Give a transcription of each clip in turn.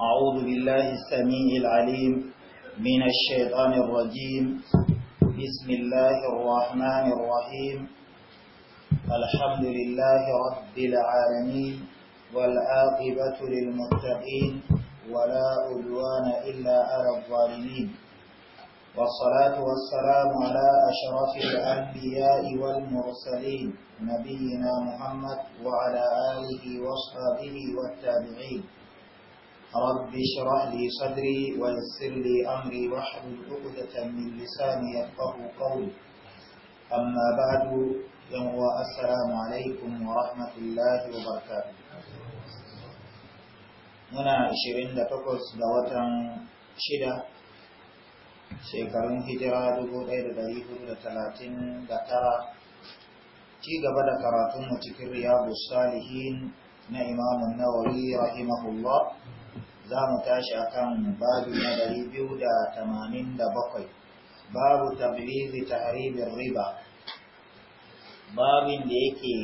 أعوذ بالله السميع العليم من الشيطان الرجيم بسم الله الرحمن الرحيم الحمد لله رب العالمين والعاقبة للمتقين ولا أدوان إلا على الظالمين والصلاة والسلام على أشرف الأنبياء والمرسلين نبينا محمد وعلى آله وصحبه والتابعين رب اشرح لي صدري ويسر لي أمري واحلل عقدة من لساني يفقه قولي أما بعد يوم السلام عليكم ورحمة الله وبركاته muna 28 ga watan shida. shekarun hijira 1439 ci gaba da karatunmu cikin riyadu salihin na imamun nawawi rahimahullah za mu tashi a kan babu na dari biyu da tamanin da bakwai babu ta haribin riba babin da yake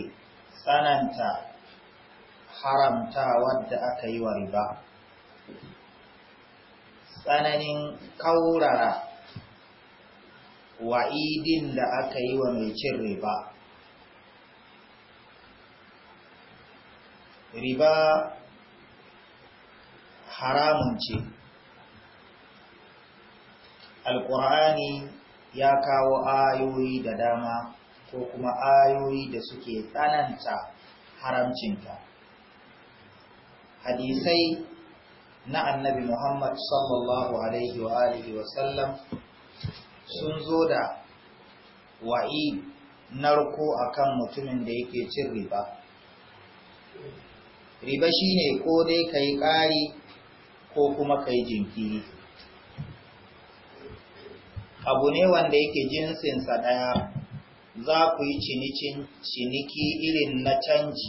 tsananta haramta wadda aka yi wa riba tsananin kaurara wa'idin da aka yi wa mai cin riba riba haramun ce alƙur'ani ya kawo ayoyi da dama ko kuma ayoyi da suke tsananta haramcinta hadisai na annabi muhammad sallallahu alaihi wa alihi wasallam sun zo da wa'i narko akan mutumin da yake cin riba riba shine ko dai ka yi ƙari ko kuma ka yi jinkiri abu ne wanda yake jinsinsa ɗaya za ku yi ciniki irin na canji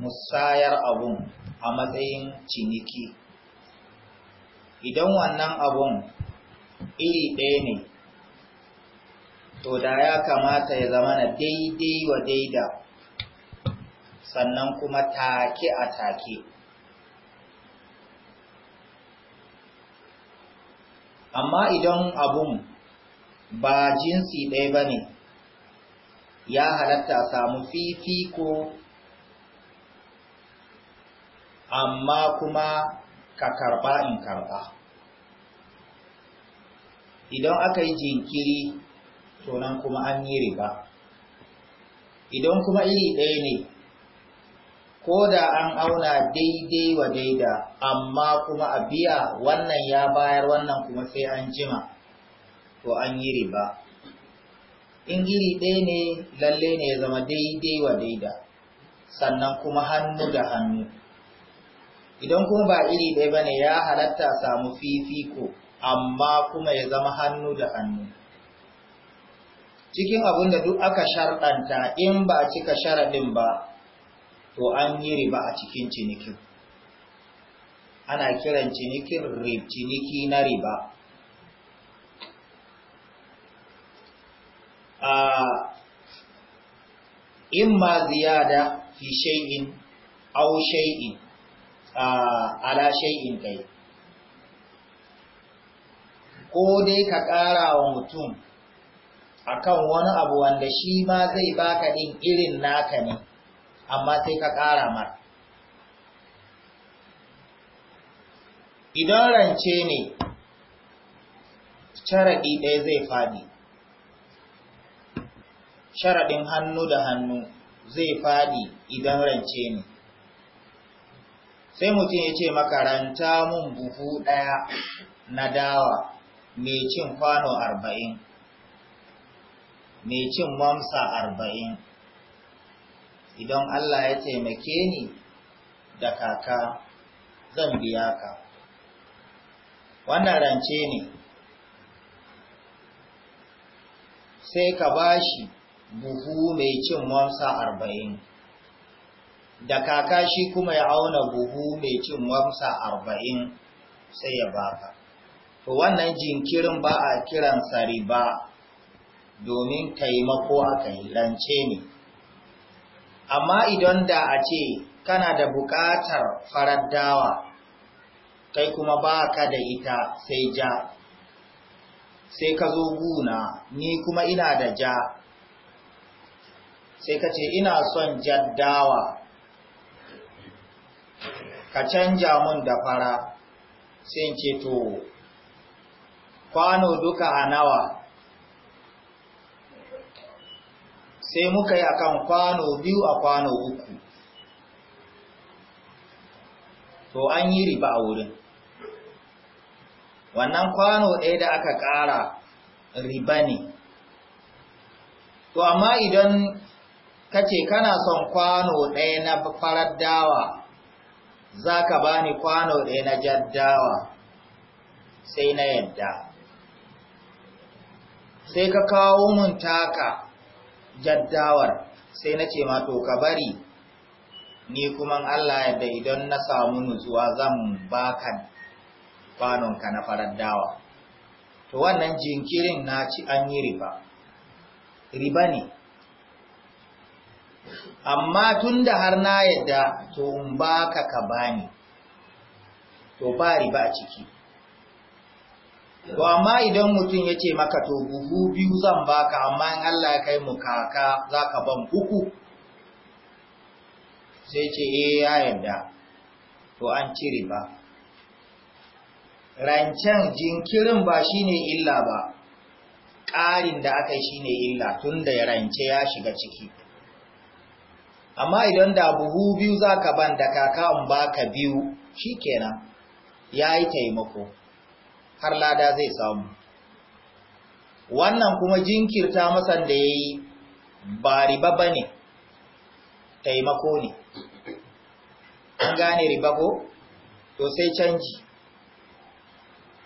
musayar abun a matsayin ciniki idan wannan abun iri ɗaya ne to da ya kamata ya zama na daidai wa daida sannan kuma take a take amma idan abun ba jinsi ɗaya ba ne ya halatta samu fifiko amma kuma ka karɓa in karɓa idan aka yi jinkiri tonan kuma an yi riba idan kuma iri ɗaya ne ko da an auna daidai wa daida amma kuma a biya wannan ya bayar wannan kuma sai an jima to an yi riba in iri ɗaya ne lalle ne ya zama daidai wa daida sannan kuma hannu da hannu idan kuma ba iri ɗaya ba ne ya halatta samu fifiko amma kuma ya zama hannu da hannu cikin abin da duk aka sharɗanta in ba cika sharaɗin ba to an yi riba a cikin cinikin ana kiran cinikin ciniki na riba a ma ziyada fi shay'in aw shay'in ala shay'in kai ko dai ka ƙara wa mutum akan wani abu wanda shi ma zai baka ɗin irin naka ne amma sai ka ƙara mar. Idan rance ne, sharaɗi ɗaya zai faɗi, sharaɗin hannu da hannu zai faɗi idan rance ne. Sai mutum ya ce makaranta mun buhu ɗaya na dawa mai cin kwano arba'in, mai cin mamsa arba'in. idan Allah ya taimake ni da kaka zan biya ka wannan rance ne sai ka bashi buhu mai cin wamsa arba'in da kaka shi kuma ya auna buhu mai cin wamsa arba'in sai ya baka to wannan jinkirin ba a kiransa riba domin taimako aka yi rance ne amma idan da a ce kana da buƙatar farar dawa kai kuma ba ka da ita sai ja sai ka zo guna ni kuma ina da ja sai ka ce ina son jaddawa ka canja mun da fara sai ce to kwano duka a nawa sai muka yi akan kwano biyu a kwano uku to an yi riba a wurin wannan kwano ɗaya da aka ƙara riba ne to amma idan ka ce kana son kwano ɗaya na farar dawa za ka ba ni kwano ɗaya na jaddawa sai na yadda sai ka kawo mun taka jaddawar sai na ce mato, to ka bari ni kuma Allah yadda idan na samu nutsuwa zan baka kwanonka na farar dawa to wannan jinkirin na ci an yi riba riba ne amma tun da har na yadda to in baka ka bani to ba riba ciki to amma idan mutum ya ce maka to buhu biyu zan baka amma in Allah ya kai mu kaka za ka ban uku sai ce eh ya yarda to an cire ba rancen jinkirin ba shine illa ba ƙarin da aka shi ne illa tun da rance ya shiga ciki amma idan da buhu biyu za ka ban da kaka in baka biyu shi kenan ya yi taimako har lada zai samu wannan kuma jinkirta masan da ya yi ba riba ba ne taimako ne an gane riba ko to sai canji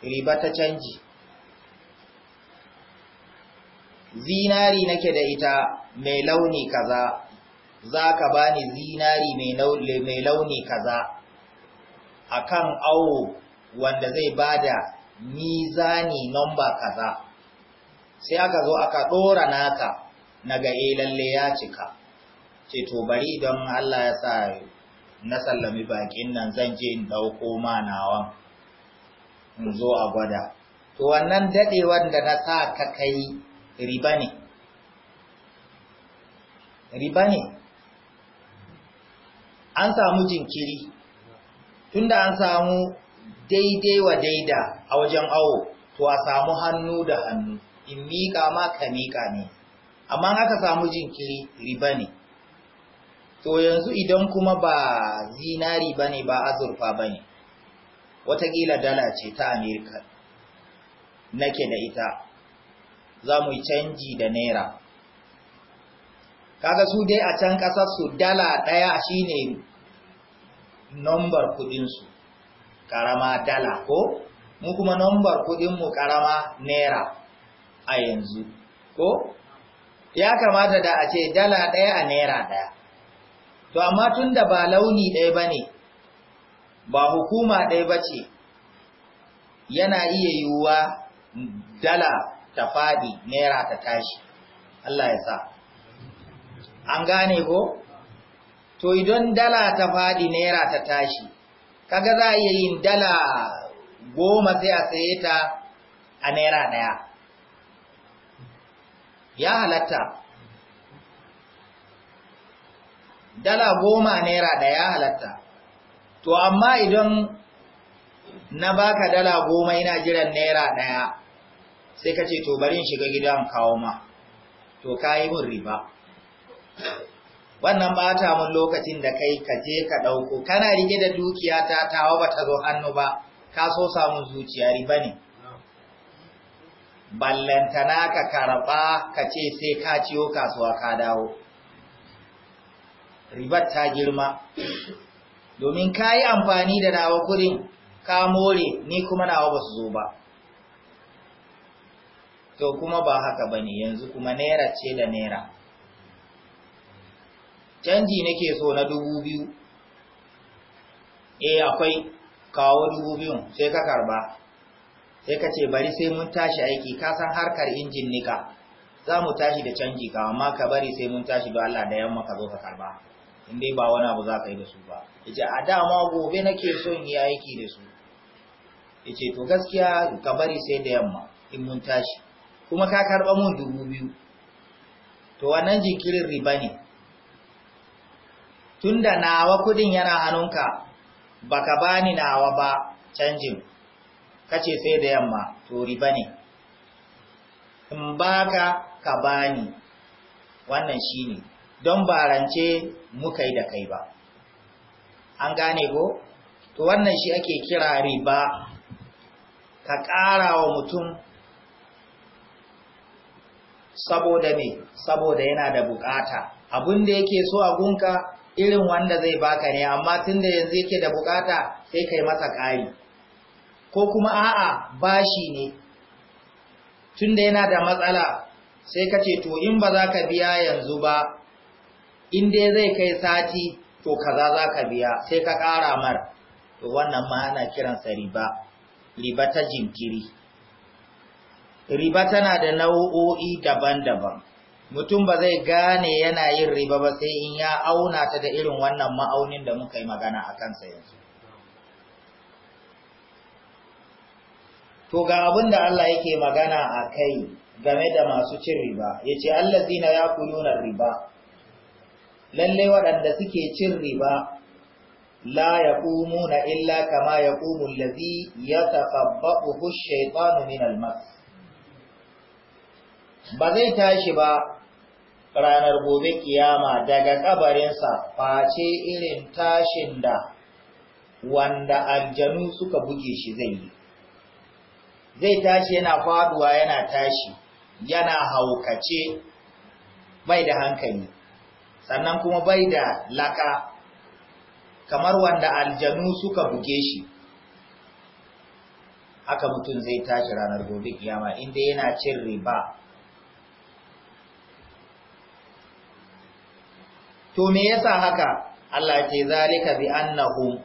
riba ta canji zinari nake da ita mai launi kaza za ka bani zinari mai launi kaza akan awo wanda zai bada mizani nomba kaza sai aka zo aka dora naka na ga eh, lalle ya cika ce to bari don Allah ya sa na sallami bakin nan zan je in ɗauko manawan in zo a gwada to wannan dade wanda na sa ka kai riba ne riba ne an samu jinkiri tunda an samu daidai wa daida a wajen awo to a samu hannu da hannu in miƙa ma ka miƙa ne amma aka samu jinkiri riba ne to yanzu idan kuma ba zinari ba ne ba azurfa ba ne watakila dala ce ta amerika nake da ita za mu yi canji da naira kaga su dai a can su? dala ɗaya shine nombar kuɗinsu karama dala ko mu kuma nambar kudin mu karama naira a yanzu ko ya kamata da a ce dala ɗaya a naira ɗaya to amma tunda ba launi ɗaya bane ba hukuma ɗaya bace yana iya yiwuwa dala ta faɗi naira ta tashi Allah ya sa an gane ko to idan dala ta faɗi naira ta tashi kaga za a iya yin dala goma sai a saye ta a naira ɗaya ya halatta dala goma a naira ɗaya ya halatta to amma idan na baka dala goma ina jiran naira ɗaya sai ka ce to bari shiga gidan kawo ma to ka yi mun riba wannan ba ta mun lokacin da kai ka je ka ɗauko kana rike da dukiya ta tawa ba ta zo hannu ba ka so samun zuciya riba ne ballantana ka karɓa ka ce sai ka ciyo kasuwa ka dawo ribar ta girma domin ka yi amfani da nawa kudin ka more ni kuma nawa ba su zo ba to kuma ba haka ba ne yanzu kuma naira ce da naira canji nake so na dubu biyu eh akwai kawo dubu biyun sai ka karba sai ka ce bari sai mun tashi aiki ka san harkar injin nika za mu tashi da canji ka amma ka bari sai mun tashi don Allah da yamma ka zo ka karba in dai ba wani abu za ka yi da su ba yace a dama gobe nake son yi aiki da su yace to gaskiya ka bari sai da yamma in mun tashi kuma ka karba mun dubu biyu to wannan jinkirin riba ne tunda nawa kudin yana hannunka baka bani nawa ba canjin kace sai da yamma to riba ne in baka ka bani wannan shine don barance muka yi da kai ba an gane ko to wannan shi ake kira riba ka ƙara wa mutum saboda ne saboda yana da bukata abin da yake so a gunka irin wanda zai baka ne amma tunda yanzu yake da bukata sai kai masa ƙari ko kuma a'a bashi ne tunda yana da matsala sai ka ce to in ba za ka biya yanzu ba in dai zai kai sati to kaza za ka biya sai ka ƙara mar to wannan ma ana kiransa riba riba ta jinkiri riba tana da nau'o'i daban-daban mutum ba zai gane yana yin riba ba sai in ya auna ta da irin wannan ma'aunin da muka yi magana a kansa yanzu to ga abin da Allah yake magana a kai game da masu cin riba ya ce zina ya nuna riba lallai waɗanda suke cin riba la ya na illa kama ya ƙumun lazi ya taƙabbaɓu shaitanu min almas ba zai tashi ba ranar gobe kiyama daga kabarinsa face irin tashin da wanda aljanu suka buge shi zai yi. Zai tashi yana faduwa yana tashi, yana haukace bai da hankali, sannan kuma bai da laka, kamar wanda aljanu suka buge shi. Haka mutum zai tashi ranar gobe kiyama inda yana cin riba. to me yasa haka Allah ce zalika bi annahu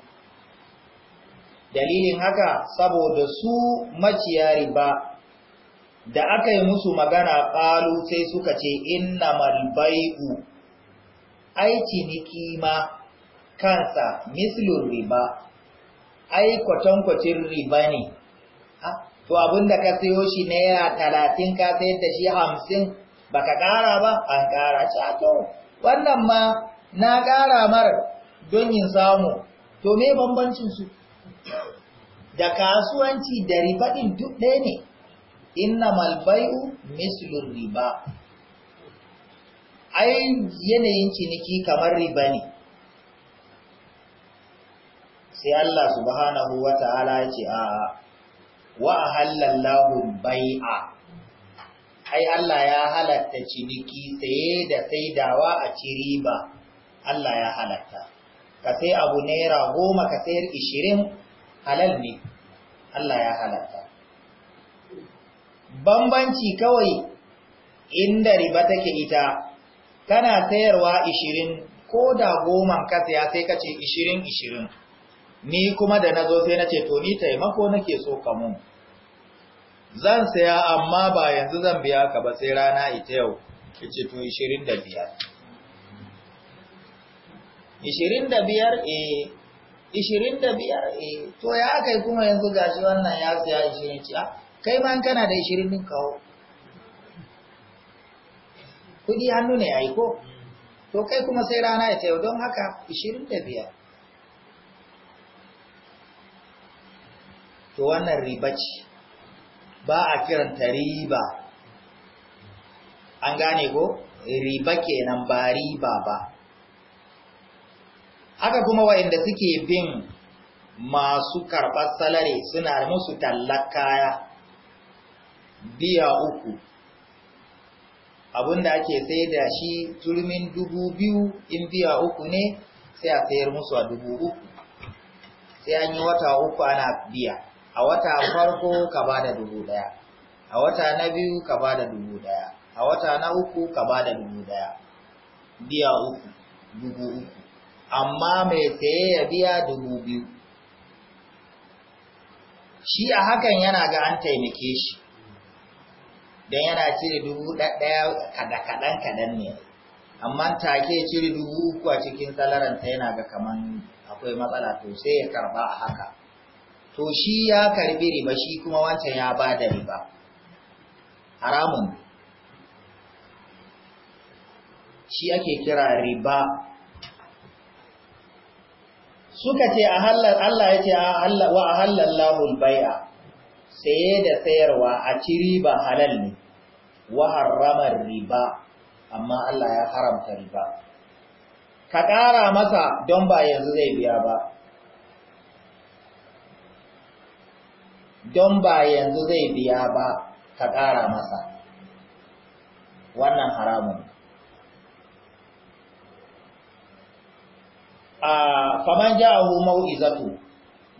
dalilin haka saboda su maciya riba da aka yi musu magana ƙalu sai suka ce inna malbai'u ai ciniki ma kansa mislun riba ai kwatankwacin riba ne ah, to abinda ka sayo shi naira talatin ka sayar da shi hamsin baka ƙara ba an ƙara cato wannan ma na ƙara mara don yin samu to me bambancin su da kasuwanci da ribaɗin duk ɗaya ne inna malbai'u mislur riba ai yanayin ciniki kamar riba ne sai Allah subhanahu wa ta'ala ya ce a wa halallahu bai'a ai Allah ya halatta ciniki saye da saidawa a ciriba, Allah ya halatta ka sai abu naira goma ka sayar ishirin halal ne Allah ya halatta bambanci kawai inda riba take ita kana sayarwa ishirin ko da goma ka saya sai ka ce ishirin ishirin ni kuma da na zo sai na ce to ni taimako nake so ka mun zan saya amma ba yanzu zan biya ka ba sai rana ita yau ce to 25 25 eh 25 eh to ya kai kuma yanzu gashi wannan ya saya 20 ci ah, kai ma kana da 20 din kawo kudi hannu ne ai ko to kai kuma sai rana ita yau don haka 25 to wannan riba ce ba a kiranta riba an gane ko riba kenan ba riba ba haka kuma waɗanda suke bin masu karɓar salari suna musu tallakaya. kaya biya uku abinda ake sai da shi turmin dubu biyu in biya uku ne sai a sayar musu a dubu uku sai an yi wata uku ana biya a wata farko ka ba da dubu ɗaya a wata na biyu ka ba da dubu ɗaya a wata na uku ka ba da dubu ɗaya biya uku dubu uku amma mai saye ya biya dubu biyu shi a hakan yana ga an taimake shi don yana cire dubu ɗaya kaɗan-kaɗan ne amma take cire dubu uku a cikin tsalaranta yana ga kamar akwai matsala to sai ya karba a haka to shi ya karbi riba shi kuma wancan ya ba da riba haramun shi ake kira riba suka ce a hallar Allah ya ce wa a hallar lahul bai'a saye da sayarwa a ci riba halal ne wa haramar riba amma Allah ya haramta riba ka ƙara masa don ba yanzu zai biya ba don ba yanzu zai biya ba ka ƙara masa wannan haramun a faman ja'ahu mau'izatu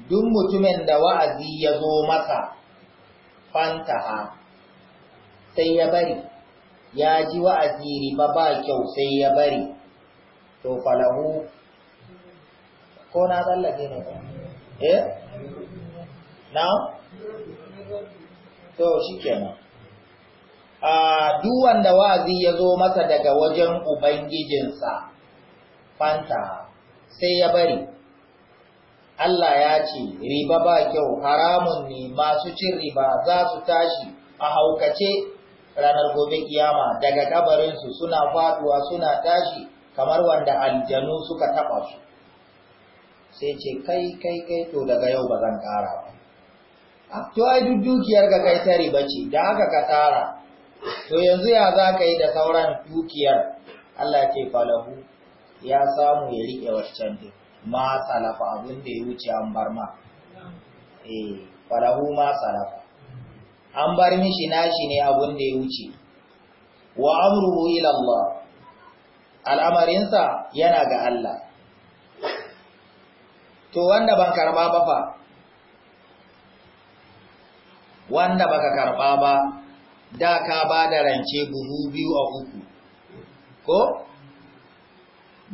duk mutumin da wa'azi ya zo masa fantaha sai ya bari ya ji wa'azi riba ba kyau sai ya bari to falahu ko na tsallake ne eh na to a duk wanda wazi ya zo masa daga wajen ubangijinsa fanta sai ya bari Allah ya ce riba ba kyau haramun ne masu cin riba za su tashi a haukace ranar gobe kiyama daga kabarinsu suna faduwa suna tashi kamar wanda aljanu suka taɓa su sai ce kai kai kai to daga yau ba zan kara ba to ai duk dukiyar ka kai ta riba ce da haka ka tara to yanzu ya za ka yi da sauran dukiyar Allah ce falahu ya samu ya riƙe waccan din ma salafa abin da ya wuce an bar ma eh falahu ma salafa an bar mishi nashi ne abin da ya wuce wa amruhu ila Allah al'amarinsa yana ga Allah to wanda ban karba ba fa wanda baka karɓa ba da ka ba da rance buhu biyu a uku ko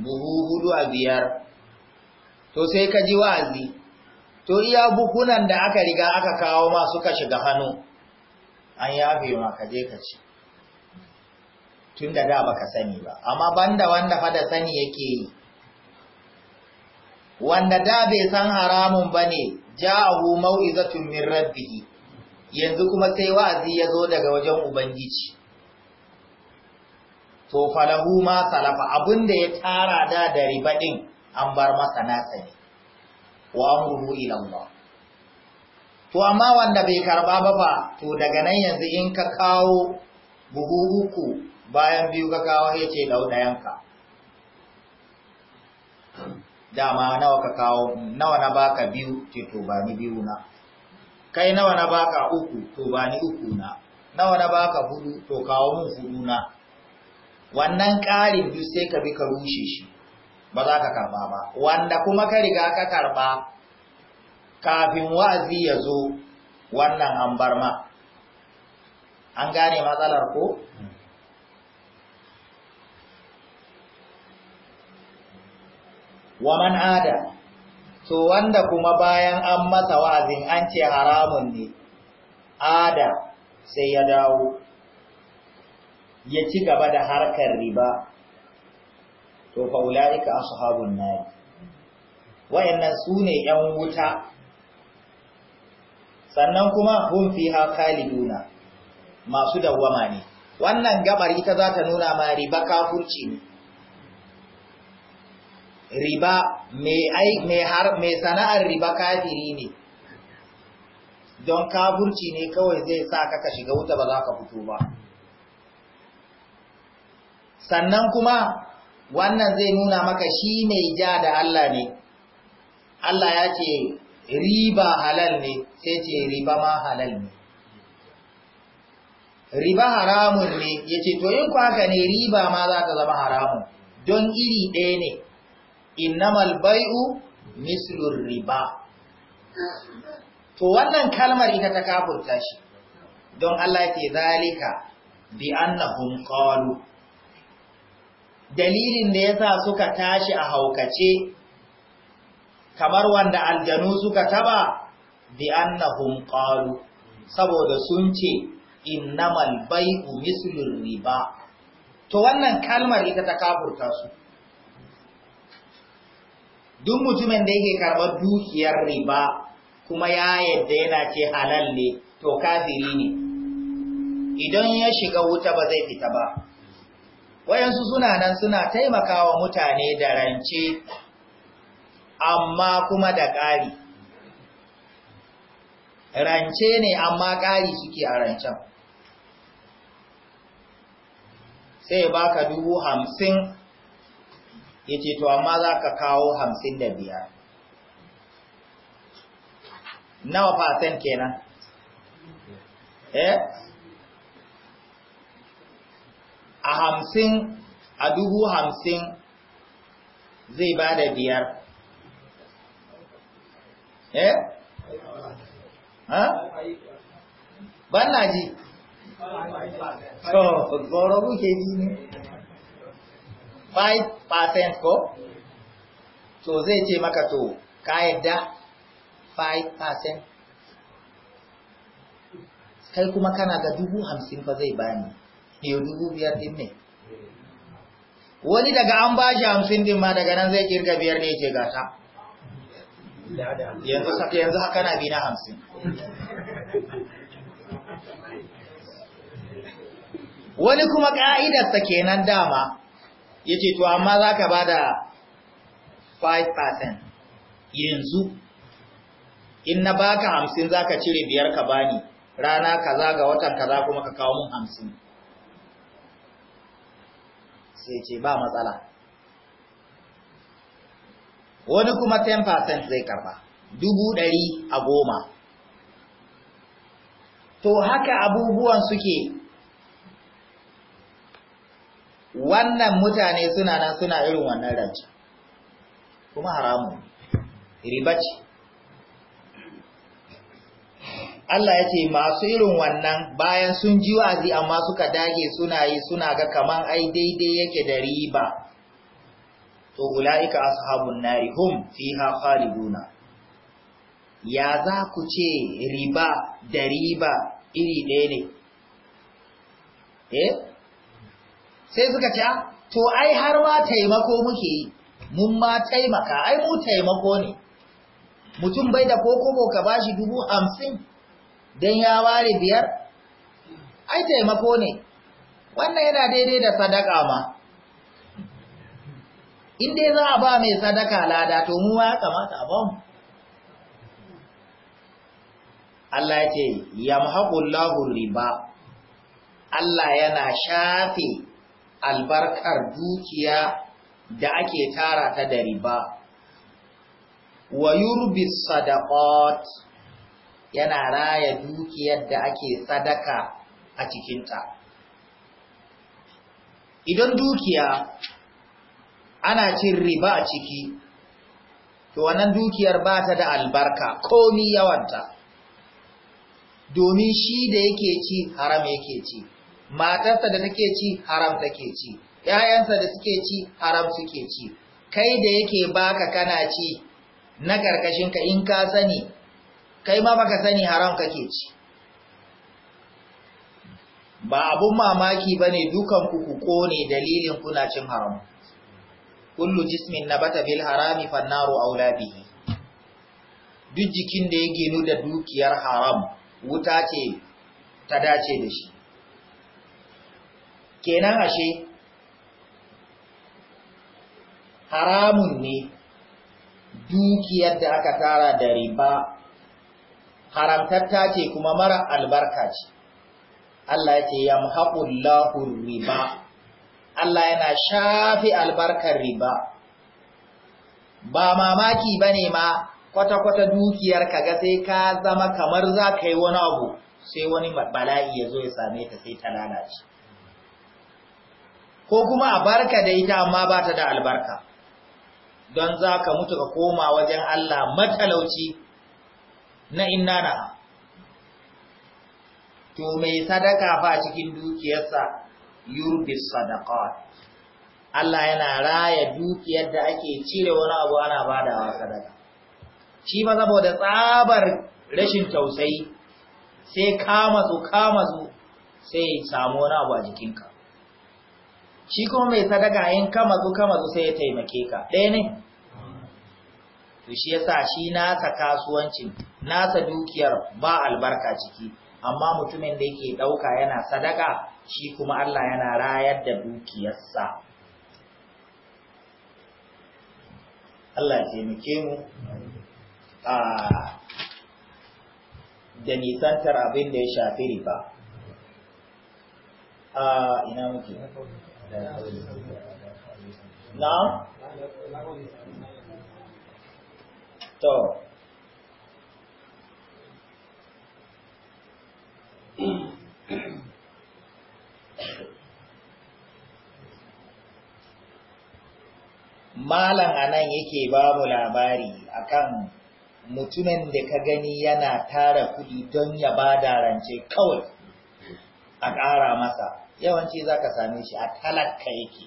buhu hudu a biyar to sai ka ji wa'azi to iya bukunan da aka riga aka kawo ma suka shiga hannu an yafe ma ka je ka ci tun da da baka sani ba amma banda wanda fa da sani yake yi wanda da bai san haramun bane ja'ahu mau'izatun min rabbihi yanzu kuma sai wa'azi ya zo daga wajen Ubangiji. To, falahu ma salafa abinda ya tara da da ribaɗin an bar masa nasa ne, wa an ruhu ilamba. To, amma wanda bai karba ba ba, to daga nan yanzu in ka kawo buhu uku bayan biyu ka kawo ya ce Da Dama nawa ka kawo, nawa na baka biyu, ce to ba ni biyu na. kai nawa na baka uku to ba ni uku na nawa na baka hudu to kawo mun hudu na wannan ƙarin duk sai ka bi ka rushe shi ba za ka karba ba wanda kuma ka riga ka karba kafin wa'azi ya zo wannan an bar ma an gane matsalar ko wa man ada to wanda kuma bayan an masa wa'azin an ce haramun ne ada sai ya dawo ya ci gaba da harkar riba to fa ulaika ashabun nar wayannan ne yan wuta sannan kuma fi fiha khaliduna masu dawwama ne wannan gabar ita za ta nuna ma riba kafurci ne riba mai sana'ar riba kafiri ne don kaburci ne kawai zai sa ka ka shiga wuta ba za ka fito ba sannan kuma wannan zai nuna maka shi mai ja da Allah ne Allah ya ce riba halal ne sai ce riba ma halal ne riba haramun ne ya ce to yin ku haka ne riba ma za ta zama haramun don iri ɗaya ne innamal bai'u mislur riba to wannan kalmar ita ta kafurta shi don Allah ke zalika bi annahum qalu dalilin da yasa suka tashi a haukace kamar wanda aljanu suka taba bi annahum qalu saboda sun ce innamal bai'u mislur riba to wannan kalmar ita ta kafurta su duk mutumin da yake karɓar dukiyar riba kuma ya yadda yana ce halal ne to kafiri ne idan ya shiga wuta ba zai fita ba wayansu suna nan suna taimakawa mutane da rance amma kuma da ƙari rance ne amma ƙari suke a rancen sai baka dubu hamsin yace to amma za ka kawo hamsin da biyar nawa fasen kenan eh a hamsin a dubu hamsin zai ba da biyar eh ha ban na ji so tsoro muke ji ne 5% ko to zai ce maka to ka yadda 5% kai kuma kana ga dubu hamsin fa zai bani yau dubu biyar din ne wani daga an ba shi hamsin din ma daga nan zai kirga biyar ne ce gata yanzu haka na bi na hamsin wani kuma ka'idarsa kenan dama ya ce to amma za ka ba da 5% yanzu in na baka hamsin za ka cire biyar ka bani rana kaza ga watan kaza kuma ka kawo mun hamsin sai ce ba matsala wani kuma 10% zai karba dubu ɗari a goma to haka abubuwan suke wannan mutane suna nan suna irin wannan rance kuma haramu riba Allah ya ce masu irin wannan bayan sun ji wa'azi amma suka dage suna yi suna ga kaman ai daidai yake da riba to ulaika ashabun nari hum fiha khaliduna ya za ku ce riba da riba iri ɗaya ne eh sai suka ce to ai har ma taimako muke yi mun ma taimaka ai mu taimako ne mutum bai da kokobo ka bashi dubu hamsin don ya ware biyar ai taimako ne wannan yana daidai da sadaka ma in za a ba mai sadaka lada to mu ma kamata a bamu Allah ya ce yamhaqullahu riba Allah yana shafe albarkar dukiya da ake tara ta da riba wa yurbi sadaqat yana raya dukiyar da ake sadaka a cikinta idan dukiya ana cin riba a ciki to wannan dukiyar ba ta da albarka komi yawanta domin shi da yake ci haram yake ci matarsa da nake ci haram take ci ‘ya'yansa da suke ci haram suke ci kai da yake baka kana ci na karkashin ka in ka sani kai ma baka sani haram kake ci ba abun mamaki ba ne ku ku kone dalilin kuna cin haram kullu jismin na bil harami fannaru aula bihi duk jikin da ya ginu da dukiyar haram wuta ce ta dace da shi kenan ashe haramun ne dukiyar da aka tara da riba haramtatta ce kuma mara albarka ce Allah ya ce yamhaqullahu riba Allah yana shafi albarkar riba ba mamaki bane ma kwata-kwata dukiyar ka ga sai ka zama kamar za ka yi wani abu sai wani bala'i ya zo ya same ta sai ta lalace ko kuma a barka da ita amma ba ta da albarka don za ka mutu ka koma wajen Allah matalauci na inna na to mai sadaka fa cikin dukiyarsa yurbi sadaqat Allah yana raya dukiyar da ake cire wani abu ana badawa sadaka shi ba saboda tsabar rashin tausayi sai kama su kama su sai samu wani abu a jikinka shi kuma mai sadaka in ka matsu ka sai ya taimake ka ɗaya ne to shi yasa shi nasa kasuwancin nasa dukiyar ba albarka ciki amma mutumin da yake ɗauka yana sadaka shi kuma Allah yana rayar da dukiyarsa Allah ya taimake mu a da nisantar abin da ya shafi riba a ina muke تو malam anan yake ba mu labari akan mutumin da ka gani yana tara kudi don ya bada rance kawai a ƙara masa yawanci za ka same shi a talaka yake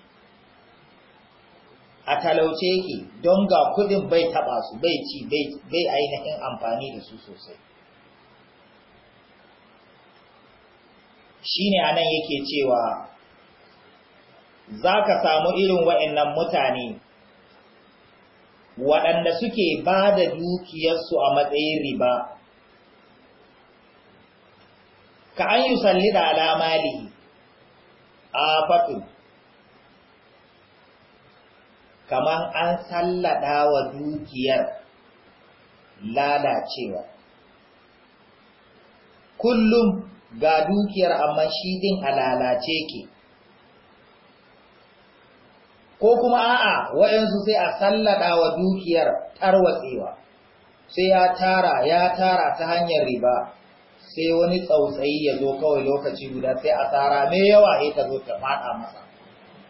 a talauce yake don ga kudin bai taba su bai ci bai ainihin amfani da su sosai shine anan yake cewa za ka samu irin wa'annan mutane waɗanda suke ba da dukiyarsu a matsayin riba ka an yi salli da alamali afatun kamar an sallada wa dukiyar lalacewa kullum ga dukiyar amma shi din a lalace ke ko kuma a'a waɗansu sai a sallada wa dukiyar tarwatsewa sai ya tara ya tara ta hanyar riba sai wani tsautsayi ya zo kawai lokaci guda sai a tsara mai yawa ya ta zo ta fada masa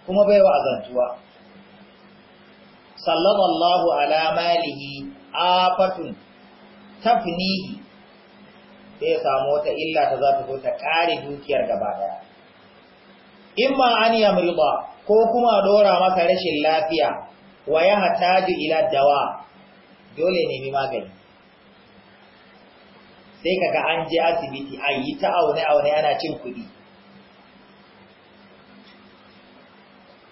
kuma bai wa azantuwa sallallahu ala malihi afatun tafnihi sai ya samu wata illa ta za ta zo ta kare dukiyar gaba daya imma an yamrida ko kuma dora masa rashin lafiya wa ya hataju ila dawa dole ne mi magani sai kaga an je asibiti a yi ta aune aune ana cin kuɗi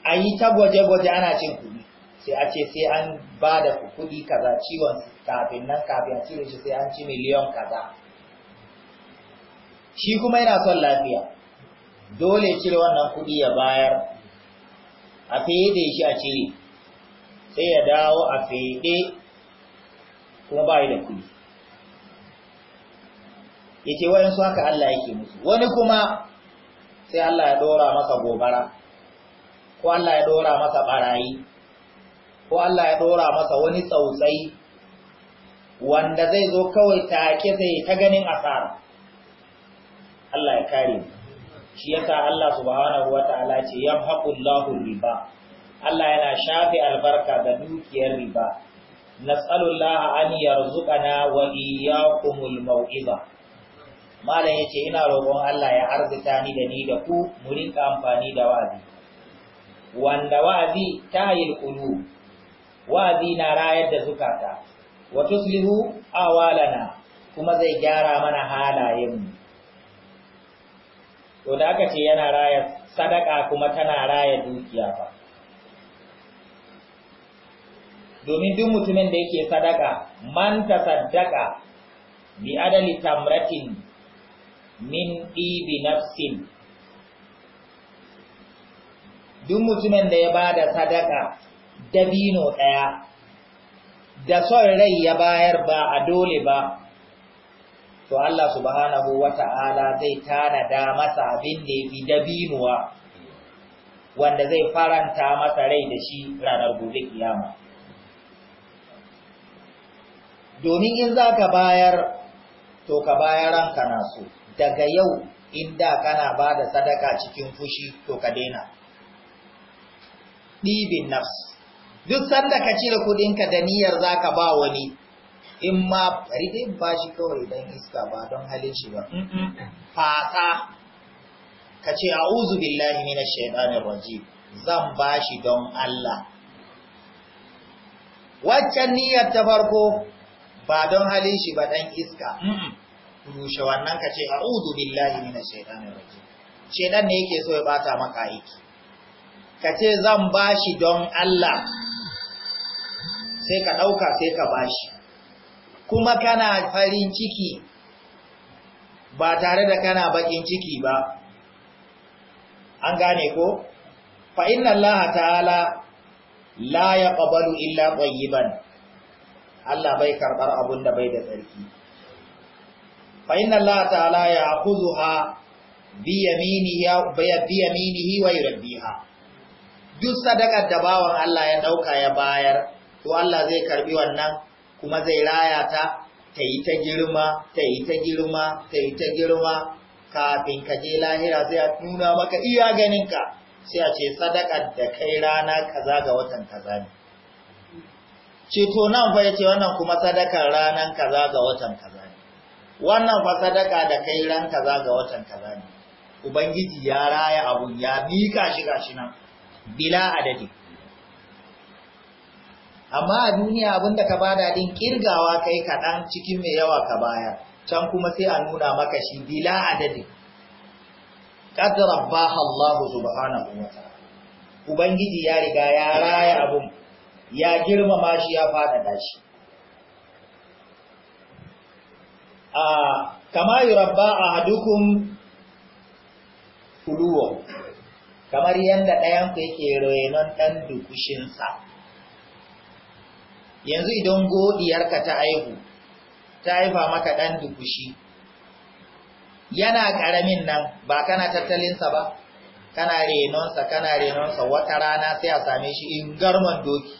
a yi ta gwaje gwaje ana cin kuɗi sai a ce sai an ba da kuɗi kaza ciwon kafin nan kafin a cire shi sai an ci miliyan kaza shi kuma yana son lafiya dole cire wannan kuɗi ya bayar a fede shi a cire sai ya dawo a fede kuma ba da kuɗi Yake wayan su haka Allah yake musu wani kuma sai Allah ya dora masa gobara ko Allah ya dora masa barayi ko Allah ya dora masa wani tsautsai wanda zai zo kawai take zai ta ganin asara Allah ya kare shi yasa Allah subhanahu wataala ce yamhaqullahu riba Allah yana shafi albarka da dukiyar riba nas'alullaha an yarzuqana wa iyyakumul mau'iza malam yace ina roƙon Allah ya arzita ni da ni da ku mu rinka amfani da wa'azi wanda wa'azi ta yi kulu wa'azi na rayar da zukata wa tuslihu awalana kuma zai gyara mana halayenmu to da aka ce yana raya sadaka kuma tana raya dukiya fa domin duk mutumin da yake sadaka man tasaddaqa bi adali tamratin min bi nafsin duk mutumin da ya ba da sadaka dabino ɗaya da son rai ya bayar ba a dole ba to Allah subhanahu wata'ala zai tanada masa abin da fi dabinuwa wanda zai faranta masa rai da shi ranar gobe kiyama domin in zaka bayar to ka bayar ranka na so daga yau inda kana ba da sadaka cikin fushi to ka daina ɗibin nafs duk sanda ka cire kuɗinka da niyyar za ka ba wani in ma rike ba shi kawai don iska ba don halin shi ba Fasa. ka ce a'udhu billahi minash shaitanir rajim zan ba shi don Allah waccan niyyar ta farko ba don halin shi ba dan iska rushe wannan ka ce a'udhu billahi minash shaitani rajim shedan ne yake so ya bata maka aiki ka ce zan bashi don Allah sai ka dauka sai ka bashi kuma kana farin ciki ba tare da kana bakin ciki ba an gane ko fa inna Allah ta'ala la yaqbalu illa tayyiban Allah bai karbar abun da bai da tsarki fa inna Allah ta'ala ya'khudhuha bi yaminihi duk sadakar da bawan Allah ya dauka ya bayar to Allah zai karbi wannan kuma zai raya ta ta yi ta girma ta yi ta girma ta yi ta girma kafin ka je lahira sai a nuna maka iya ganinka sai a ce sadakar da kai rana kaza ga watan kaza ne nan fa yace wannan kuma sadakar ranan kaza ga watan kaza wannan fa sadaka da kai ran kaza ga watan kaza ne ubangiji ya raya abun ya mika shi gashi nan bila adadi amma a duniya abinda ka bada din kirgawa kai kaɗan cikin mai yawa ka baya can kuma sai a nuna maka shi bila adadi kadarabba Allah subhanahu wa ta'ala ubangiji ya riga ya raya abun ya girmama shi ya faɗaɗa shi a kama yurabba ahadukum kuluwa kamar yadda ɗayanku yake renon ɗan dukushinsa yanzu idan godiyarka ta aihu ta haifa maka ɗan dukushi yana ƙaramin nan ba kana tattalinsa ba kana renonsa kana renonsa wata rana sai a same shi in garman doki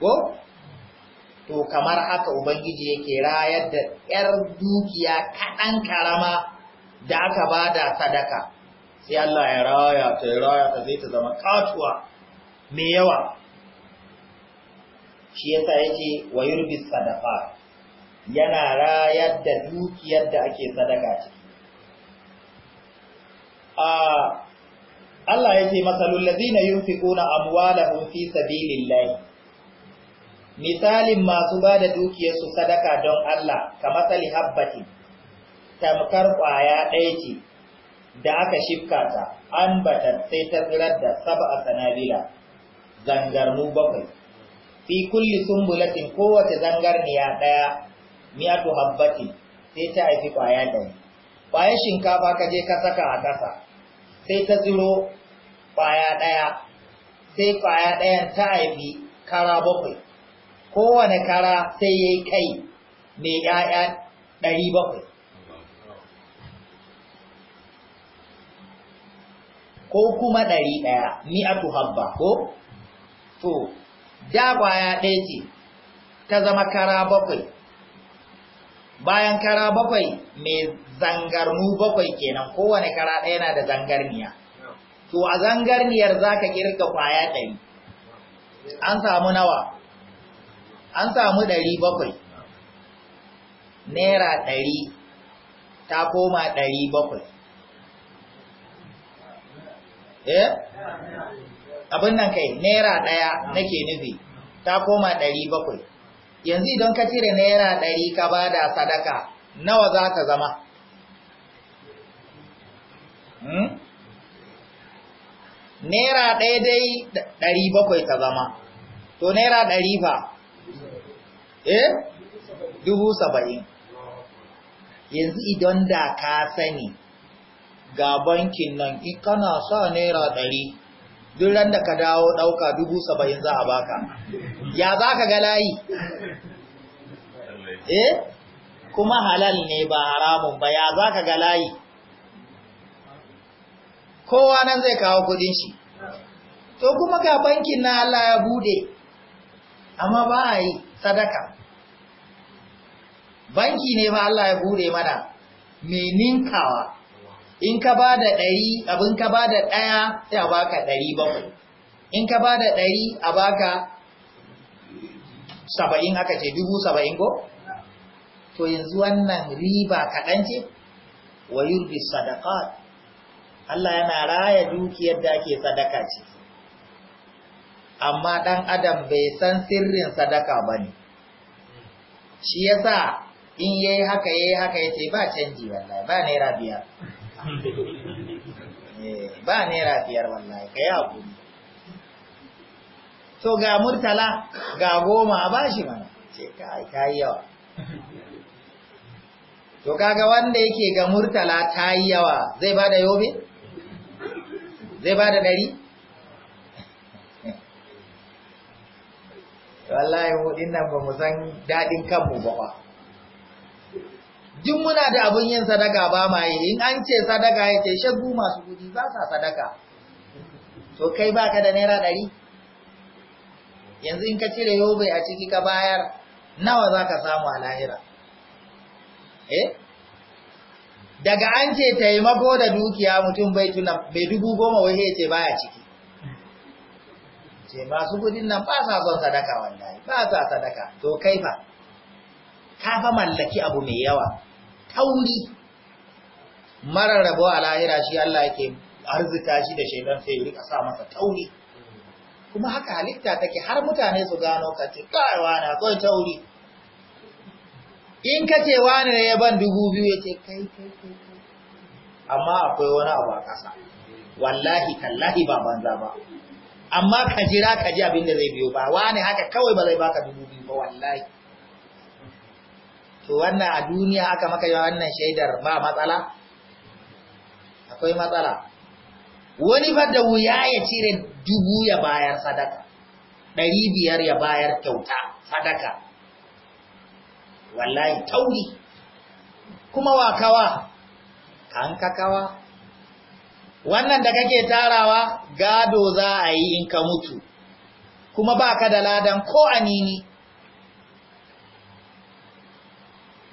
ko to kamar haka ubangiji yake rayar da 'yar dukiya kaɗan karama da aka bada sadaka sai Allah ya raya ta ya raya ta zai ta zama katuwa mai yawa shi yasa yake wa yurbis sadaqa yana rayar da dukiyar da ake sadaka ciki a Allah ya ce masalul ladina yunfiquna amwalahum fi sabilillahi misalin masu ba da dukiyarsu sadaka don Allah ka matsali habbati tamkar ƙwaya ɗaya ce da aka shifka ta an bata sai ta tsirar da saba a sanabila zangarnu bakwai fi kulli sumbulatin kowace zangarniya ɗaya miyatu habbati sai ta haifi ƙwaya ɗaya ƙwayar shinkafa ka je ka saka a ƙasa sai ta tsiro ƙwaya ɗaya sai ƙwaya ɗayan ta haifi kara bakwai kowane kara sai ya yi kai mai ‘ya'ya ɗari bakwai. Ko kuma ɗari ɗaya, ni a habba ko? To, da ƙwaya ɗaya ce, ta zama kara bakwai. Bayan kara bakwai mai zangarnu bakwai kenan kowane kara ɗaya na da zangarniya. To, a zangarniyar za ka ƙirga ƙwaya ɗari. An samu nawa? an samu ɗari bakwai naira ɗari ta koma ɗari bakwai eh abin nan kai naira ɗaya nake nufi ta koma ɗari bakwai yanzu idan ka cire naira ɗari ka ba da sadaka nawa za ka zama hmm? naira ɗaya dai ɗari bakwai ka zama to naira ɗari fa eh dubu saba'in yanzu idan da ka sani ga bankin nan in kana sa naira ɗari duk ran da ka dawo ɗauka dubu saba'in za a baka ya za ka ga layi eh kuma halal ne ba haramun ba ya za ka ga layi kowa nan zai kawo kudin shi to kuma ga bankin na Allah ya bude amma ba a yi sadaka banki ne fa Allah ya bude mana mai ninkawa in ka ba da ɗari abin ka ba da ɗaya sai a baka ɗari bakwai in ka ba da ɗari a baka saba'in aka ce dubu saba'in ko to yanzu wannan riba kaɗan ce wa yurbi sadaqat Allah yana raya dukiyar da ake sadaka ce amma ɗan adam bai san sirrin sadaka ba ne shi yasa in yayi haka yayi haka yace ba canji wallahi ba naira biyar eh, ba naira biyar wallahi kai hakuri to ga murtala ga goma ba shi mana ce kai kai yawa to kaga wanda yake ga murtala ta yi yawa zai ba da yobe? zai ba da ɗari? wallahi hudin nan ba mu san daɗin kanmu ba ba duk muna da abin yin sadaka ba ma yi in an ce sadaka ya ce shagu masu gudi ba sa sadaka to kai ba ka da naira ɗari yanzu in ka cire yobe a ciki ka bayar nawa za ka samu a lahira eh daga an ce taimako da dukiya mutum bai tuna bai dubu goma wai ce baya ciki ce masu kudin nan ba sa son sadaka wallahi ba sa sadaka to kai fa ka fa mallaki abu mai yawa kauri marar rabo a lahira shi Allah yake arzuta shi da shaidan sai rika sa masa tauri kuma haka halitta take har mutane su gano ka ce kai wani akwai tauri in ka ce wani ne ya ban dubu biyu ya ce kai kai kai amma akwai wani abu a kasa wallahi tallahi ba banza ba amma ka jira ka ji abin da zai biyo ba wani haka kawai ba zai baka dubu biyu ba wallahi to wannan a duniya aka maka yi wannan shaidar ba matsala akwai matsala wani ba da wuya ya cire dubu ya bayar sadaka ɗari biyar ya bayar kyauta sadaka wallahi tauri kuma wa kawa kan kawa wannan da kake tarawa gado za a yi in ka mutu kuma ba ka da ladan ko anini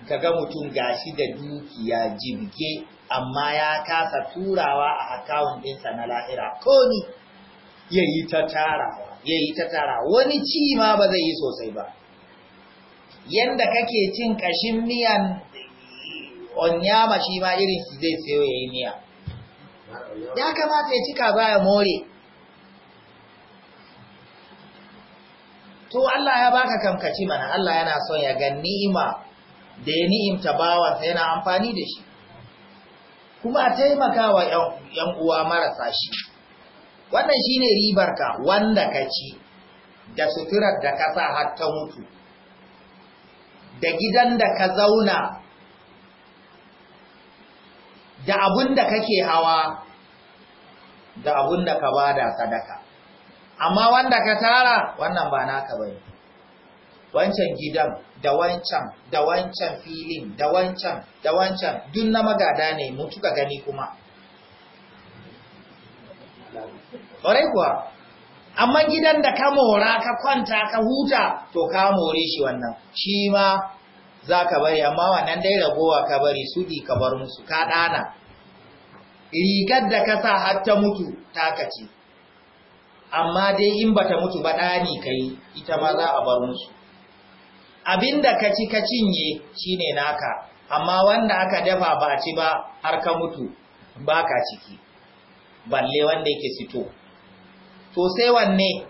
Ka ga mutum gashi da dukiya jibge amma ya kasa turawa a akawun ɗinsa na lahira. Ko ya yi ta tara ya yi ta tara wani ci ma ba zai yi sosai ba yanda kake cin kashin miyan onyama shi ma irin shi zai sayo ya yi miya ya kamata ya cika baya more to Allah ya baka kamkaci mana Allah yana son ya ga ni'ima da ya ni'imta bawansa yana amfani da shi kuma a taimaka wa ‘yan uwa marasa shi wannan shi ne ribarka wanda ka ci da suturar da ka sa har ta mutu da gidan da ka zauna da abun da kake hawa da abun da ka bada sadaka amma wanda ka tara wannan ba ka bane wancan gidan da wancan da wancan filin da wancan da wancan duk na magada ne mu gani kuma ƙwarai kuwa amma gidan da ka mora ka kwanta ka huta to ka more shi wannan shi ma za ka bari amma wannan dai ragowa ka bari su ɗi ka bar musu ka ɗana rigar da ka sa har ta mutu ta kace. amma dai in bata mutu ba ɗani ka yi ita ma za a bar musu abinda ka ci ka cinye ne naka amma wanda aka dafa ba ci ba har ka mutu ba ka ciki balle wanda yake sito to sai wanne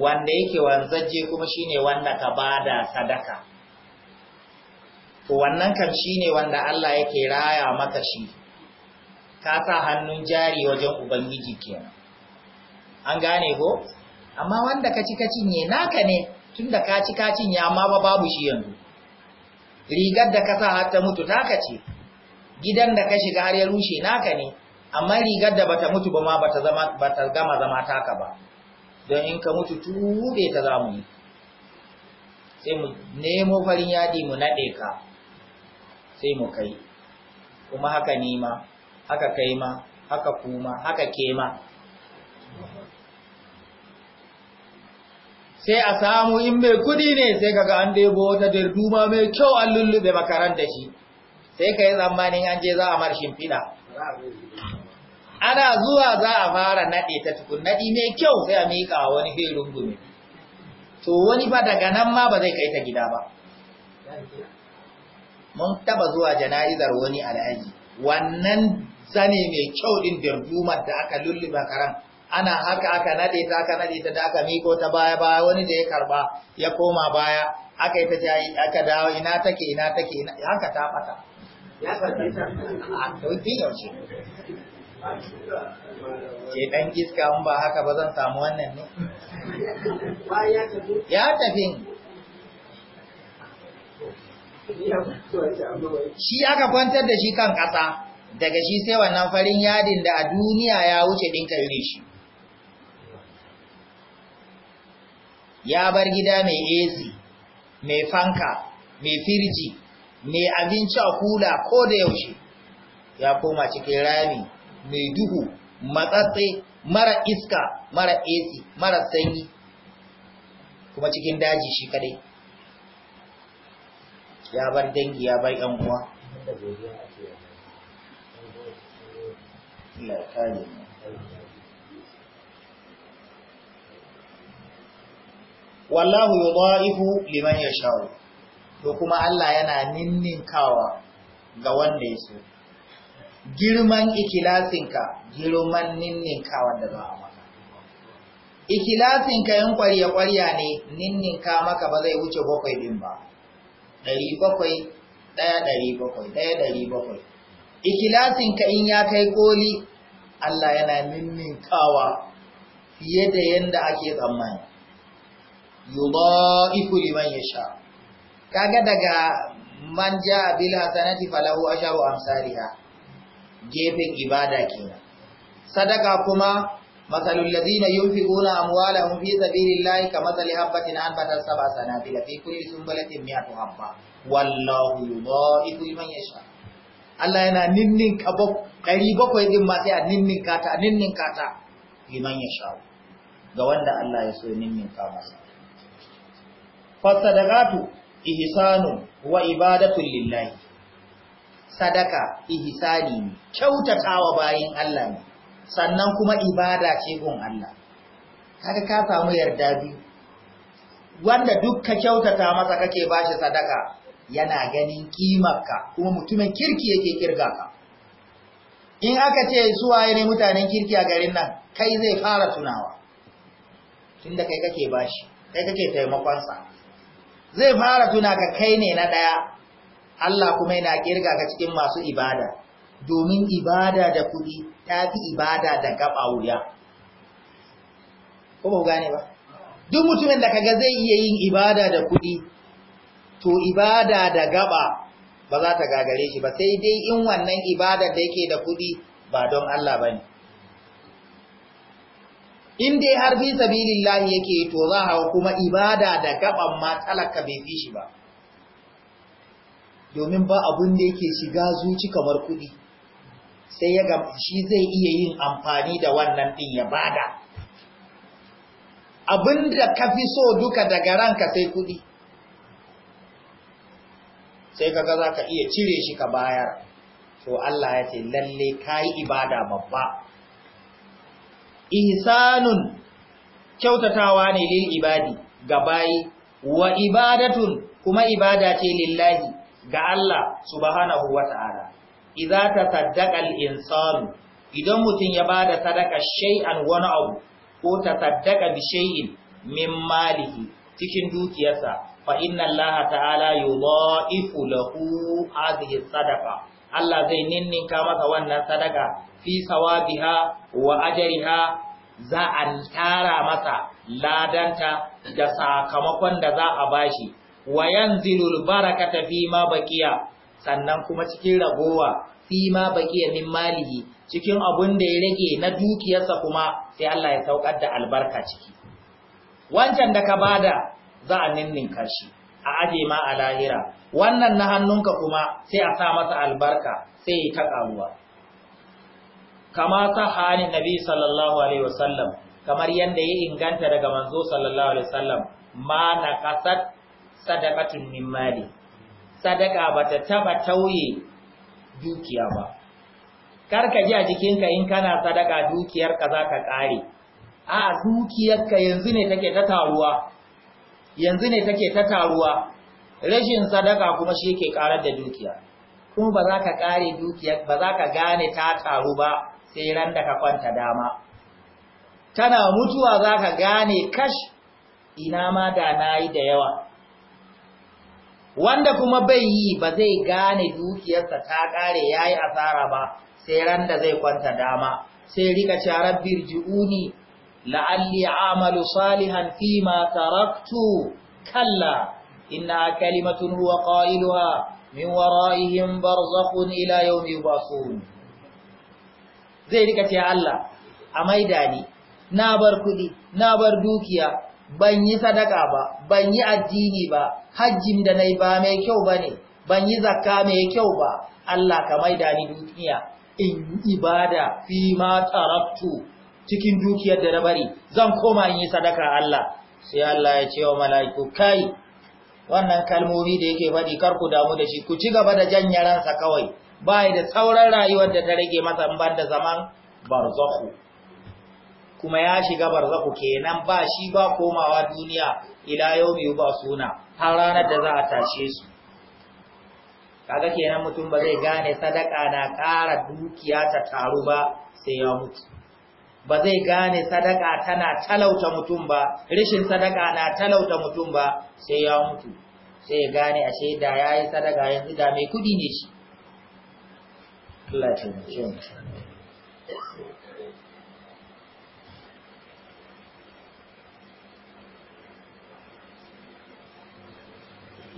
wanda yake wanzaje kuma shine wanda ka ba da sadaka to wannan kan shine wanda Allah yake raya maka shi ka sa hannun jari wajen ubangiji kenan an gane ko amma wanda ka ci ka cinye naka ne tun da kaci kacin ya ma ba babu shi yanzu rigar da ka sa har ta mutu taka ce gidan da ka shiga har ya rushe naka ne amma rigar da bata mutu ba ma bata zama bata gama zama taka ba don in ka mutu tube ta zamu yi sai mu nemo farin yadi mu nade ka sai mu kai kuma haka nima haka kai ma, haka kuma haka kema sai a samu in mai kudi ne sai kaga an debo wata darduma mai kyau an lullube makaranta shi sai ka yi tsammanin an je za a marshin ana zuwa za a fara naɗe ta tukun naɗi mai kyau sai a miƙa wani hirin gumi to wani ba daga nan ma ba zai kai ta gida ba mun taba zuwa jana'izar wani alhaji wannan zane mai kyau ɗin darduma da aka lullube karan ana haka aka nade ta aka nade ta aka miko ta baya ba wani da ya karba ya koma baya aka yi ta jayi aka dawo ina take ina take haka ta fata ya sarfe ta a dauki yaushe ke dan iska in ba haka ba zan samu wannan ne ya tafi shi aka kwantar da shi kan kasa daga shi sai wannan farin yadin da a duniya ya wuce ɗinka irin shi ya bar gida mai AC, mai fanka, mai firji, mai abinci a kula ko da yaushe, ya koma cikin rami mai duhu, matsatse, mara iska, mara AC, mara sanyi, kuma cikin daji shi kadai. Ya bar dangi, ya bar ‘yan uwa. Allah ya wallahu yudha'ifu liman yasha'u to kuma Allah yana ninninkawa ga wanda ya so girman ikilasinka girman ninninkawa da ba a maka ikilasinka yan kwariya kwariya ne ninninka maka ba zai wuce bakwai din ba ɗari bakwai ɗaya ɗari bakwai ɗaya ɗari bakwai ikilasinka in ya kai koli Allah yana ninninkawa fiye da yadda ake tsammani yudha'ifu liman yasha kaga daga man a bil hasanati falahu asharu amsariha gefen ibada kenan sadaka kuma مثل الذين ينفقون أموالهم في سبيل الله كمثل حبة أنبتت سبع سنابل في كل سنبلة مئة حبة والله يضاعف لمن يشاء Allah yana ninninka ƙari bakwai din ma sai a ninninka ta a liman ya ga wanda Allah ya so masa fasadaqatu ihsanu wa ibadatu lillahi sadaka ihsani ne kyautatawa bayin Allah ne sannan kuma ibada ce gun Allah kaga ka samu yarda biyu wanda duk ka kyautata masa kake bashi sadaka yana ganin kimarka kuma mutumin kirki yake kirga ka in aka ce su waye ne mutanen kirki a garin nan kai zai fara tunawa tunda kai kake bashi kai kake taimakon sa. zai fara tuna ka kai ne na ɗaya Allah kuma yana kirga ka cikin masu ibada domin ibada da kuɗi ta fi ibada da gaba wuya ko ba gane ba duk mutumin da kaga zai iya yin ibada da kuɗi to ibada da gaba ba za ta gagare shi ba sai dai in wannan ibada da yake da kuɗi ba don Allah ba in dai har fi sabilillahi yake to za hawa kuma ibada da gaban ma talaka bai fi shi ba domin ba abun da yake shiga zuci kamar kudi sai ya shi zai iya yin amfani da wannan din ya bada abin da ka fi so duka daga ranka sai kudi sai kaga za ka iya cire shi ka bayar to Allah ya ce lalle ka ibada babba ihsanun kyautatawa ne lil ibadi ga bayi wa ibadatun kuma ibada ce lillahi ga Allah subhanahu wa idza tasaddaqa al-insanu idan mutun ya bada sadaka shay'an wani abu ko tasaddaqa bi shay'in min malihi cikin dukiyarsa fa inna Allah ta'ala yudha'ifu lahu hadhihi sadaqa Allah zai ninninka masa wannan sadaka fi sawabiha wa ajriha za a tara masa ladanta da sakamakon da za a bashi wa yanzilul barakata fi ma baqiya sannan kuma cikin ragowa fi ma baqiya min malihi cikin abun da ya rage na dukiyarsa kuma sai Allah ya saukar da albarka ciki wancan da ka bada za a ninninka shi a aje ma a lahira wannan na hannunka kuma sai a sa masa albarka sai ta ƙaruwa kama ta hani nabi sallallahu alaihi wasallam kamar yadda ya inganta daga manzo sallallahu alaihi wasallam ma na kasat Sadakatun min mali ba ta taba tauye dukiya ba Kar ka ji a jikinka in kana sadaka dukiyarka za ka kare a dukiyarka yanzu ne take ta taruwa yanzu ne take ta taruwa rashin sadaka kuma shi yake karar da dukiya kuma ba za ka kare dukiya ba za ka gane ta taru ba sai ran da ka kwanta dama tana mutuwa za ka gane kash ina ma da na yi da yawa wanda kuma bai yi ba zai gane dukiyarsa ta kare ya yi asara ba sai ran da zai kwanta dama sai rika carar birji'uni la'alli amalu salihan fi ma taraktu kalla ina kalimatun huwa qailuha min wara'ihim barzakhun ila mai yub'athun zai rika ce Allah a maidani na bar kuɗi na bar dukiya ban yi sadaka ba ban yi addini ba hajjin da nayi ba mai kyau ne ban yi zakka mai kyau ba Allah ka maidani dukiya in ibada fi ma taraktu cikin dukiyar da na bari zan koma in yi sadaka Allah sai Allah ya ce wa mala'iku kai wannan kalmomi da yake faɗi kar ku damu da shi ku ci gaba da janye ransa kawai bai da tsauran rayuwar da ta rage masa in da zaman barzakhu kuma ya shiga barzakhu kenan ba shi ba komawa duniya ila yawmi ba suna har ranar da za a tashe su kaga kenan mutum ba zai gane sadaka na kara dukiya ta taru ba sai ya mutu ba zai gane sadaka tana talauta mutum ba rishin sadaka na talauta mutum ba sai ya mutu sai ya gane ashe da yi sadaka yanzu da mai kudi ne shi Allah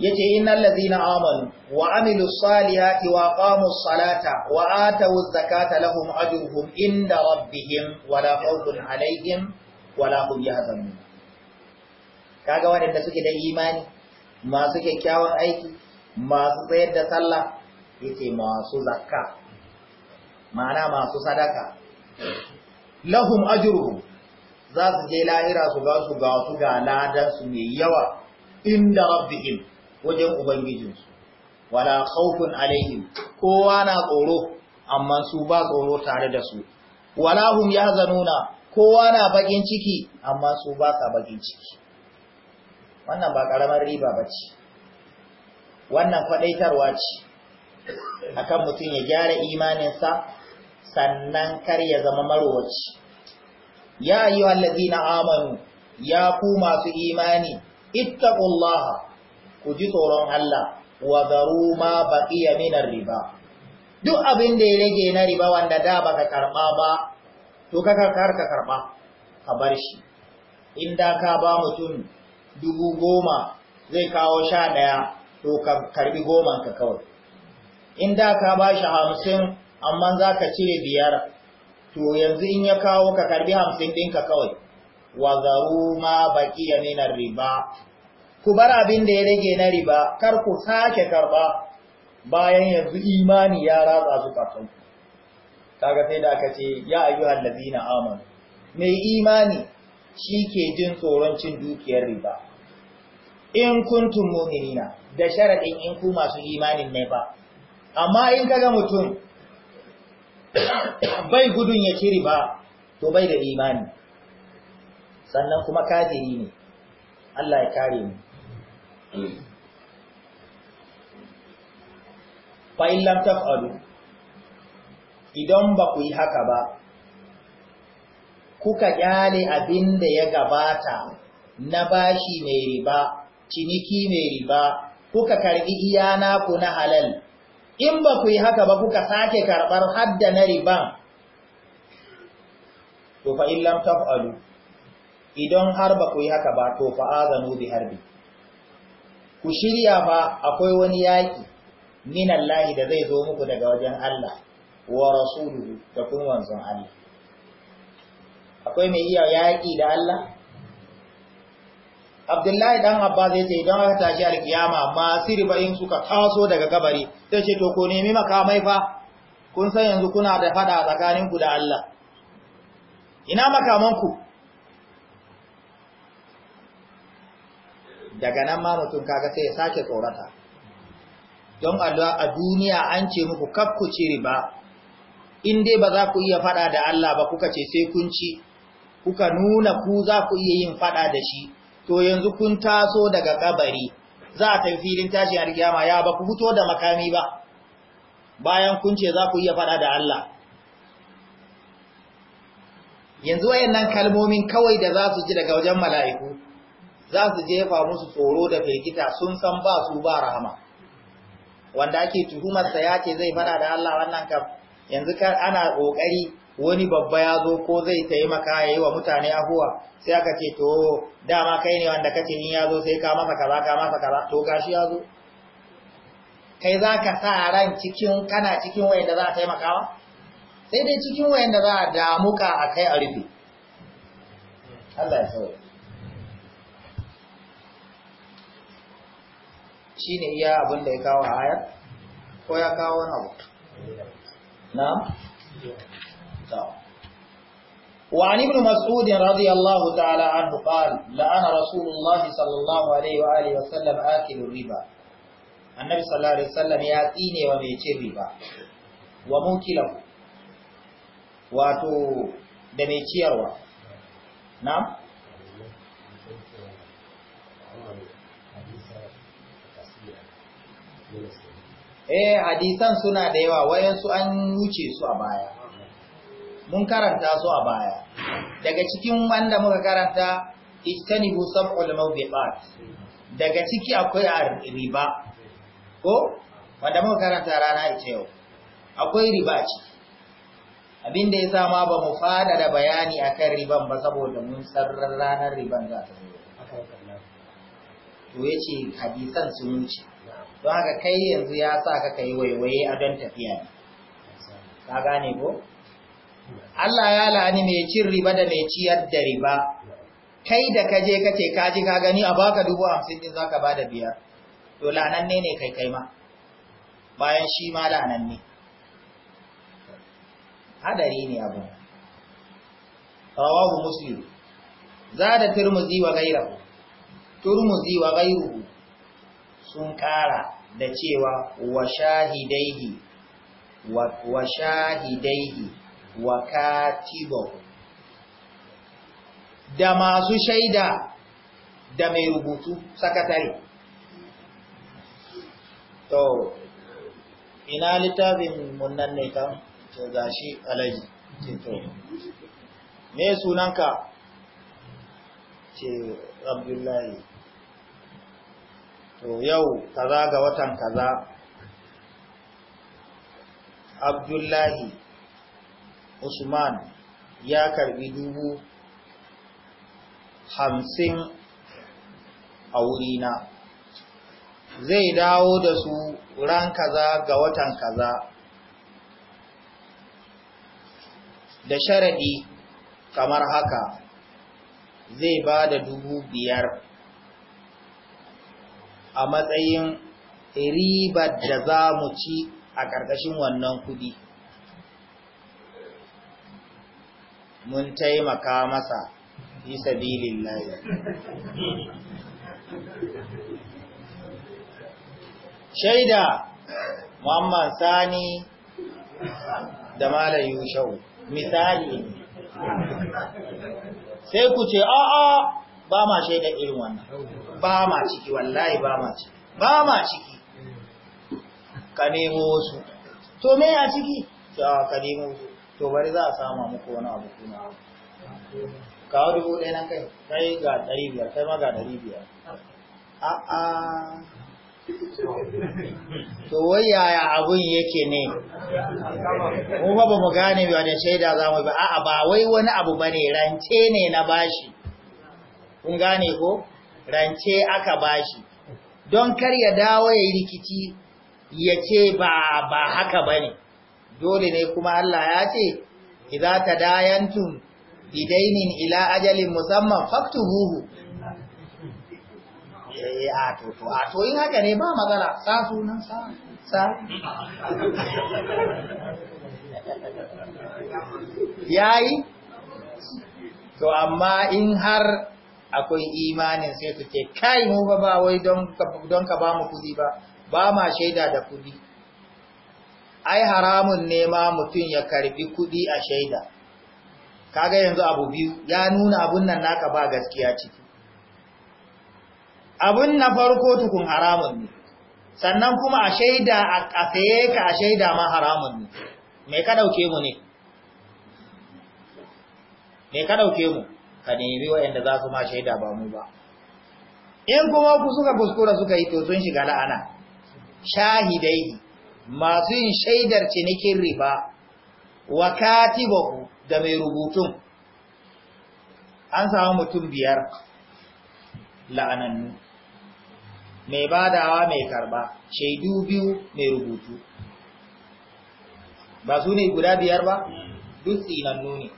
yace innal ladhina amanu wa amilus salihati wa qamus salata wa atawuz zakata lahum ajruhum inda rabbihim wala khawfun alaihim wala hum yahzanun kaga wadanda suke da imani masu kyakkyawan aiki masu tsayar da sallah yace masu zakka ma'ana masu sadaka lahum ajruhum za su je lahira su ga su ga su ga ladan su mai yawa inda rabbihim wajen ubangijinsu wala khawfun alaihim kowa na tsoro amma su ba tsoro tare da su wala ya zanuna kowa na bakin ciki amma su ba ka bakin ciki wannan ba karamar riba bace wannan fadaitarwa ce akan mutum ya gyara imaninsa sannan kar ya zama marowaci ya ayyuhallazina amanu ya ku masu imani ittaqullaha ku ji tsoron Allah wa zaru ma baqiya riba duk abin da ya rage na riba wanda da baka karba ba to karkar ka karba ka bar shi in da ka ba mutum dubu goma zai kawo sha ɗaya to ka karbi goman ka kawai in da ka ba shi hamsin amma za ka cire biyar to yanzu in ya kawo ka karbi hamsin ɗinka kawai wa zaru ma baqiya riba ku bar abin da ya rage na riba kar ku sake karba bayan yanzu imani ya ratsa zukatan ku kaga sai da aka ce ya ayyuhal ladina amanu mai imani shi ke jin tsoron cin dukiyar riba in kuntum mu'minina da sharadin in ku masu imanin ne ba amma in kaga mutum bai gudun ya ci riba to bai da imani sannan kuma kajiri ne Allah ya kare mu fa'in lamtaf alu idan ba ku yi haka ba kuka kyale abin da ya gabata na bashi mai riba ciniki mai riba kuka karbi iya naku na halal in ba ku yi haka ba kuka sake karbar hadda na riban to fa'in lamtaf alu idan har ba ku yi haka ba to fa'azanu bi harbi ku shirya ba akwai wani yaƙi minallahi da zai zo muku daga wajen Allah wa rasuluhu da kuma wanzan Allah akwai mai iya yaƙi da Allah Abdullahi dan Abbas yace idan aka tashi alkiyama masu riba in suka taso daga kabari sai ce to ko nemi makamai fa kun san yanzu kuna da fada tsakaninku da Allah ina makamanku daga nan ma mutum kaga sai ya sake tsorata don a duniya an ce muku kakku ci riba in dai ba za ku iya fada da Allah ba kuka ce sai kun ci kuka nuna ku za ku iya yin fada da shi to yanzu kun taso daga kabari za a tafi filin tashi a kiyama ya ba ku fito da makami ba bayan kun ce za ku iya fada da Allah yanzu wayannan kalmomin kawai da za su ji daga wajen mala'iku za su jefa musu tsoro da firgita sun san ba su ba rahama wanda ake tuhumarsa ya ce zai fada da Allah wannan kam yanzu ana kokari wani babba ya zo ko zai taimaka ya yi wa mutane ahuwa sai aka ce to dama kai ne wanda kace in ya zo sai ka masa kaza ka masa kaza to gashi ya zo kai za ka sa ran cikin kana cikin wayanda za a taimakawa sai dai cikin wayanda za a damuka a kai a rufe Allah ya sauya shine iya abin da ya kawo ayar ko ya kawo wani abu na وعن ابن مسعود رضي الله تعالى عنه قال لأن رسول الله صلى الله عليه وآله وسلم آكل الربا النبي صلى الله عليه وسلم يأتيني وميتي الربا وموكله واتو دميتي نعم eh hadisan suna da yawa wayansu an wuce su a baya mun karanta su a baya daga cikin wanda muka karanta ijtanibu sab'ul mawdi'at. daga ciki akwai riba ko wanda muka karanta rana ita yau akwai riba ci. abinda ya sa ma ba mu fada da bayani akan riban ba saboda mun sarrar ranar riban za ta zo to yace hadisan sun wuce don haka kai yanzu ya sa ka kai waiwaye a don tafiya ka gane ko Allah ya la'ani mai cin riba da mai ciyar da riba kai da ka je kace ka ji ka gani a baka dubu hamsin din za ka ba da biyar to la'ananne ne kai kai ma bayan shi ma la'ananne hadari ne abu rawahu muslim da turmuzi wa ghayruhu turmuzi wa gairu. sun ƙara da cewa wa shahidaihi wa shahidaihi wa katibo da masu shaida da mai rubutu sakatare to ina littafin munnan ne kan ce gashi alaji ce to me sunanka ce abdullahi to yau kaza ga watan kaza abdullahi usman ya karbi dubu hamsin a wurina zai dawo da su ran kaza ga watan kaza da sharaɗi kamar haka zai ba da dubu biyar a matsayin ribar da za mu ci a ƙarƙashin wannan kuɗi. Mun taimaka masa bisa sabilin layi. Shaida Muhammad Sani da Malam Yushau misali sai ku ce a'a ba ma shaida irin wannan ba ma ciki wallahi ba ma ciki ba ma ciki ka nemo wasu to me ya ciki ya ka nemo su to bari za a sama muku wani abu kuma kawo dubu ɗaya nan kai kai ga ɗari biyar kai ma ga ɗari biyar a'a to wai yaya abun yake ne mu ba mu gane ba da shaida za mu ba a'a ba wai wani abu bane rance ne na bashi kun gane ko rance aka bashi don kar ya dawo ya yi rikici ya ce ba ba haka bane dole ne kuma Allah ya ce idza tadayantum bidainin ila ajalin musamman faktubuhu eh, a to to a to in haka ne ba magana sa sunan sa sa yayi to amma in har akwai imanin sai su ce kai mu ba ba wai don ka ba mu kudi ba ba ma shaida da kuɗi.' ai haramun ne ma mutum ya karbi kuɗi a shaida kaga yanzu abu biyu ya nuna abun nan naka ba gaskiya ciki abun na farko tukun haramun ne sannan kuma a shaida a saye ka a shaida ma haramun ne me ka dauke mu ne me ka dauke mu ka nemi wa'anda za su ma shaida ba mu ba in kuma ku suka kuskura suka yi to sun shiga la'ana shahidai masu yin shaidar cinikin riba wa katibahu da mai rubutun an samu mutum biyar la'anannu mai badawa mai karba shaidu biyu mai rubutu ba su ne guda biyar ba duk tsinannu ne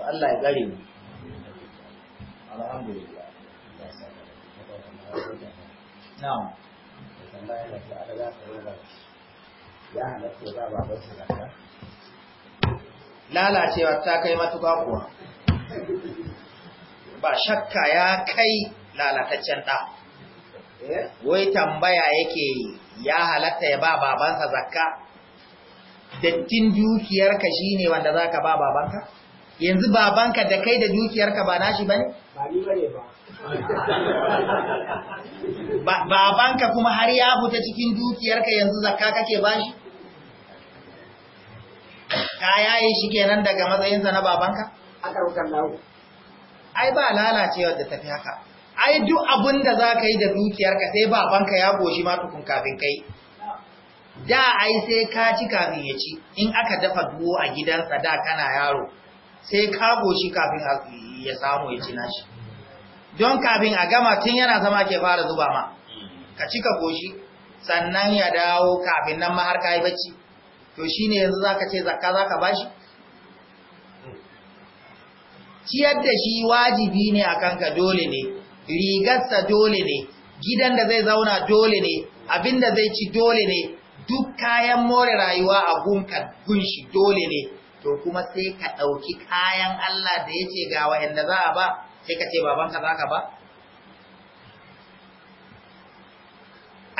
to Allah ya gare mu lalacewa ta kai matuka kuwa ba shakka ya kai lalataccen ɗa eh? wai tambaya yake ya halatta ya ba babansa zakka dattin dukiyarka ne wanda za ka ba babanka yanzu babanka da kai da dukiyarka ba nashi bane ba babanka kuma har ya huta cikin dukiyarka yanzu zakka kake bashi ka yayi shi kenan daga matsayinsa na babanka ai ba lalacewa da tafi haka ai duk abinda zaka za yi da dukiyarka sai babanka ya goshi ma tukun kafin kai da ai sai ka ci kafin ya ci in aka dafa duwo a gidansa da kana yaro sai ka goshi kafin ya samu ya ci nashi don kafin a gama tun yana zama ke fara zuba ma ka cika goshi sannan ya dawo kafin nan ma har ka yi bacci to shi ne yanzu za ka ce zakka ka bashi ciyar da shi wajibi ne a kanka dole ne rigarsa dole ne gidan da zai zauna dole ne abin da zai ci dole ne duk kayan more rayuwa a gunka gunshi dole ne to kuma sai ka ɗauki kayan Allah da ya ce ga wa'yanda za a ba sai ka ce babanka za ka ba?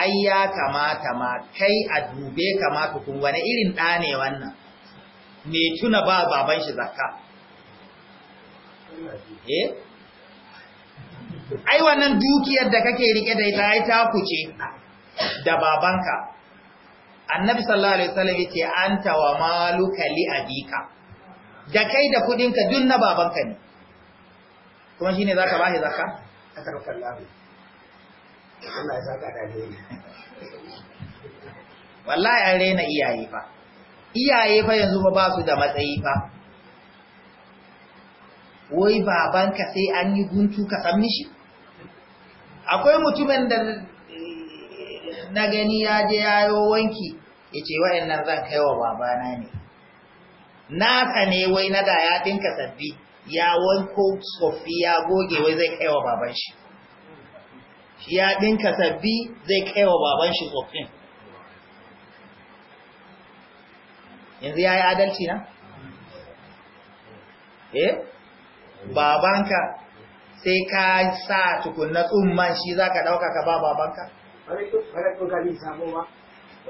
Ai ya kamata ma kai a dube kamata kun wane irin ɗa ne wannan, me tuna ba baban shi zakka. Eh? Ai wannan dukiyar da kake rike da ita ai ta kuce da babanka. annabi sallallahu alaihi wasallam yake anta wa maluka li abika da kai da kudin ka dun na babanka ne kuma shine zaka bashi zakka akarka Allah Allah ya saka da ni wallahi an rena iyaye fa iyaye fa yanzu ba ba su da matsayi fa wai babanka sai an yi guntu ka san mishi akwai mutumin da na gani ya je yayo wanki ya ce wa'annan zan kai wa babana ne nasa ne wai na da ya ɗinka sabbi ya wanko tsoffi ya goge wai zai kai wa baban shi ya ɗinka sabbi zai kai wa baban shi tsoffin yanzu ya yi adalci na? eh babanka sai ka sa tukunna tsumman shi za ka ɗauka ka ba babanka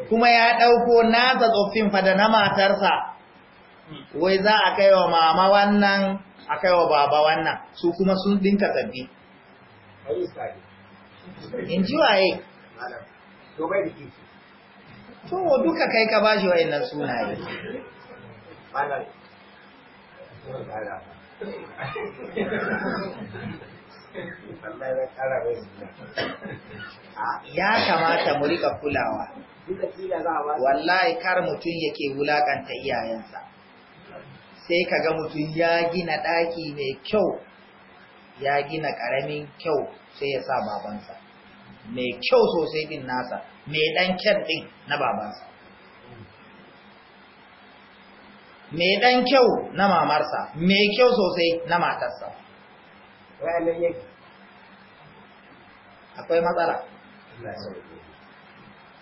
kuma ya ɗauko nasa tsoffin fada na matarsa wai za a kai wa mama wannan a kai wa baba wannan su kuma sun dinka sabbi in ji waye to wa duka kai ka bashi wayannan sunaye ya kamata mu rika kulawa wallahi kar mutum yake wulakanta iyayensa sai ka ga mutum ya gina ɗaki mai kyau ya gina ƙaramin kyau sai ya sa babansa mai kyau sosai din nasa mai ɗan kyan ɗin na babansa mai ɗan kyau na mamarsa mai kyau sosai na matarsa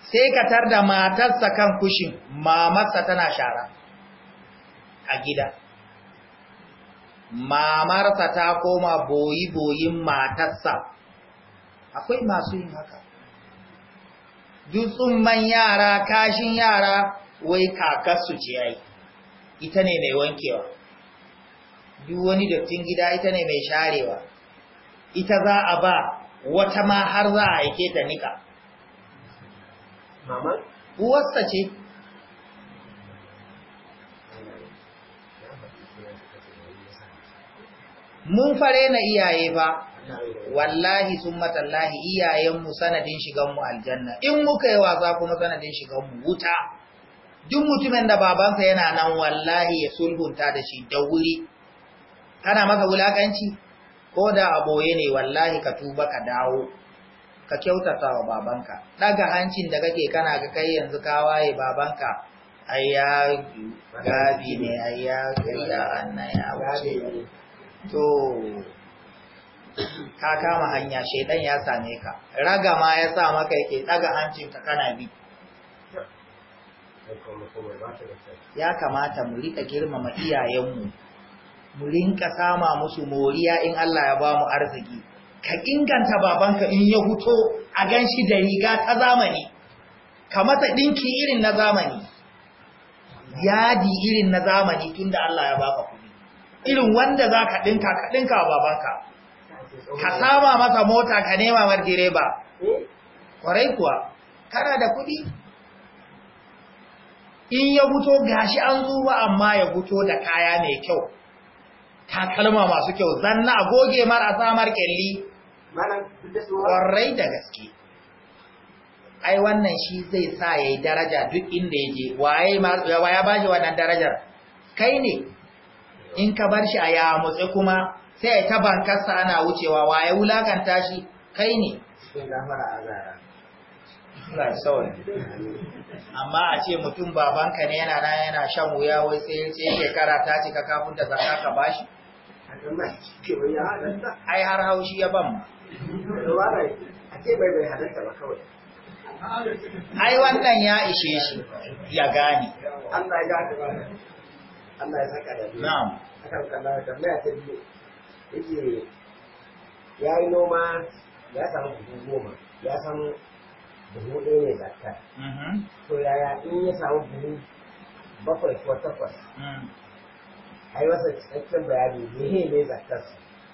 sai ka tar da matarsa kan kushin mamarsa tana shara a gida mamarsa ta koma boyi-boyin matarsa akwai masu yin haka man yara kashin yara wai kakarsu ce ya yi. ita ne mai wankewa duk wani dattin gida ita ne mai sharewa ita za a ba wata ma har za a aike ta nika uwarsa ce mun fare na iyaye ba wallahi sun matallahi iyayenmu sanadin shiganmu aljanna in muka yi wasa kuma sanadin shiganmu wuta duk mutumin da babansa yana nan wallahi ya sulhunta da shi da wuri Kana maka wulakanci ko da aboye ne wallahi ka tuba ka dawo ka kyautata wa babanka daga hancin da kake kana ga kai yanzu ka waye babanka ayya gabi ne ayya kayya anna ya wuce to ka kama hanya shaidan ya same ka raga ma ya sa maka yake daga hancin ka kana bi ya kamata mu rika girmama iyayenmu mu rinka sama musu moriya in Allah ya ba mu arziki ka inganta babanka in ya huto a ganshi da riga ta zamani ka masa dinki irin na zamani yadi irin na zamani tunda Allah ya baka kuɗi irin wanda zaka dinka ka dinka babanka ka sama masa mota ka nema mar direba kwarai kuwa kana da kuɗi in ya huto gashi an zuwa amma ya huto da kaya mai kyau takalma masu kyau zanna a goge mara samar kelli ƙwarai da gaske ai wannan shi zai sa ya yi daraja duk inda ya je waye ya ba wannan darajar kai ne in ka bar shi a motsi kuma sai ya taban kasa ana wucewa waye wulakanta shi kai ne amma a ce mutum babanka ne yana nan yana shan wuya wai sai shekara ta cika kafin da zaka ka bashi ai har haushi ya ban ai wannan ya ishe shi ya gane Allah ya Allah ya saka da na'am akan kallon tambaya ta biyu yake yi noma ya samu buhu goma ya samu buhu ɗaya ne zakka mhm. to yaya in ya samu buhu bakwai ko takwas mm. ai wasa cikakken bayani mehe ne zakar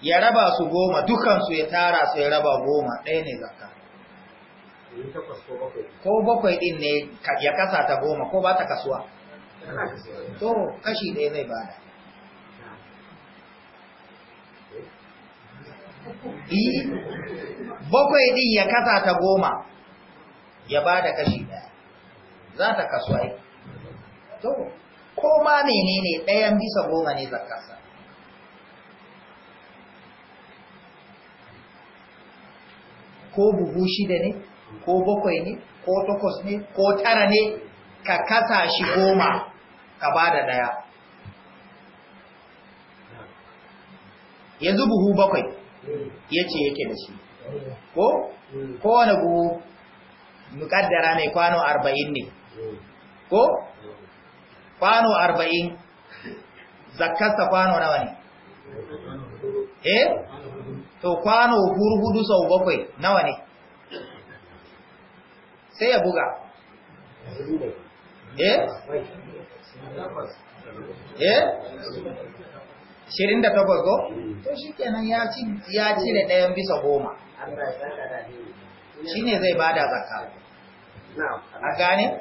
ya raba su goma dukansu ya tara su ya raba goma ɗaya ne zakar ko bakwai din ne ya kasa ta goma ko ba ta kasuwa to kashi ɗaya zai ba da. Eh? Eh, bakwai din ya kasa ta goma ya ba da kashi ɗaya za ta kasuwa to ko ma menene ɗayan bisa goma ne zakarsa ko buhu shida ne ko bakwai ne ko takwas ne ko tara ne ka kasa shi goma ka ba da ɗaya yanzu buhu bakwai ya ce yake da shi ko kowane buhu mukaddara mai kwano arba'in ne ko kwano arba'in zakkarsa kwano nawa ne eh to kwano hurhudu sau bakwai nawa ne sai ya buga eh eh shirin da takwas go to shi kenan ya cire ɗayan bisa goma shi ne zai bada zakka a gane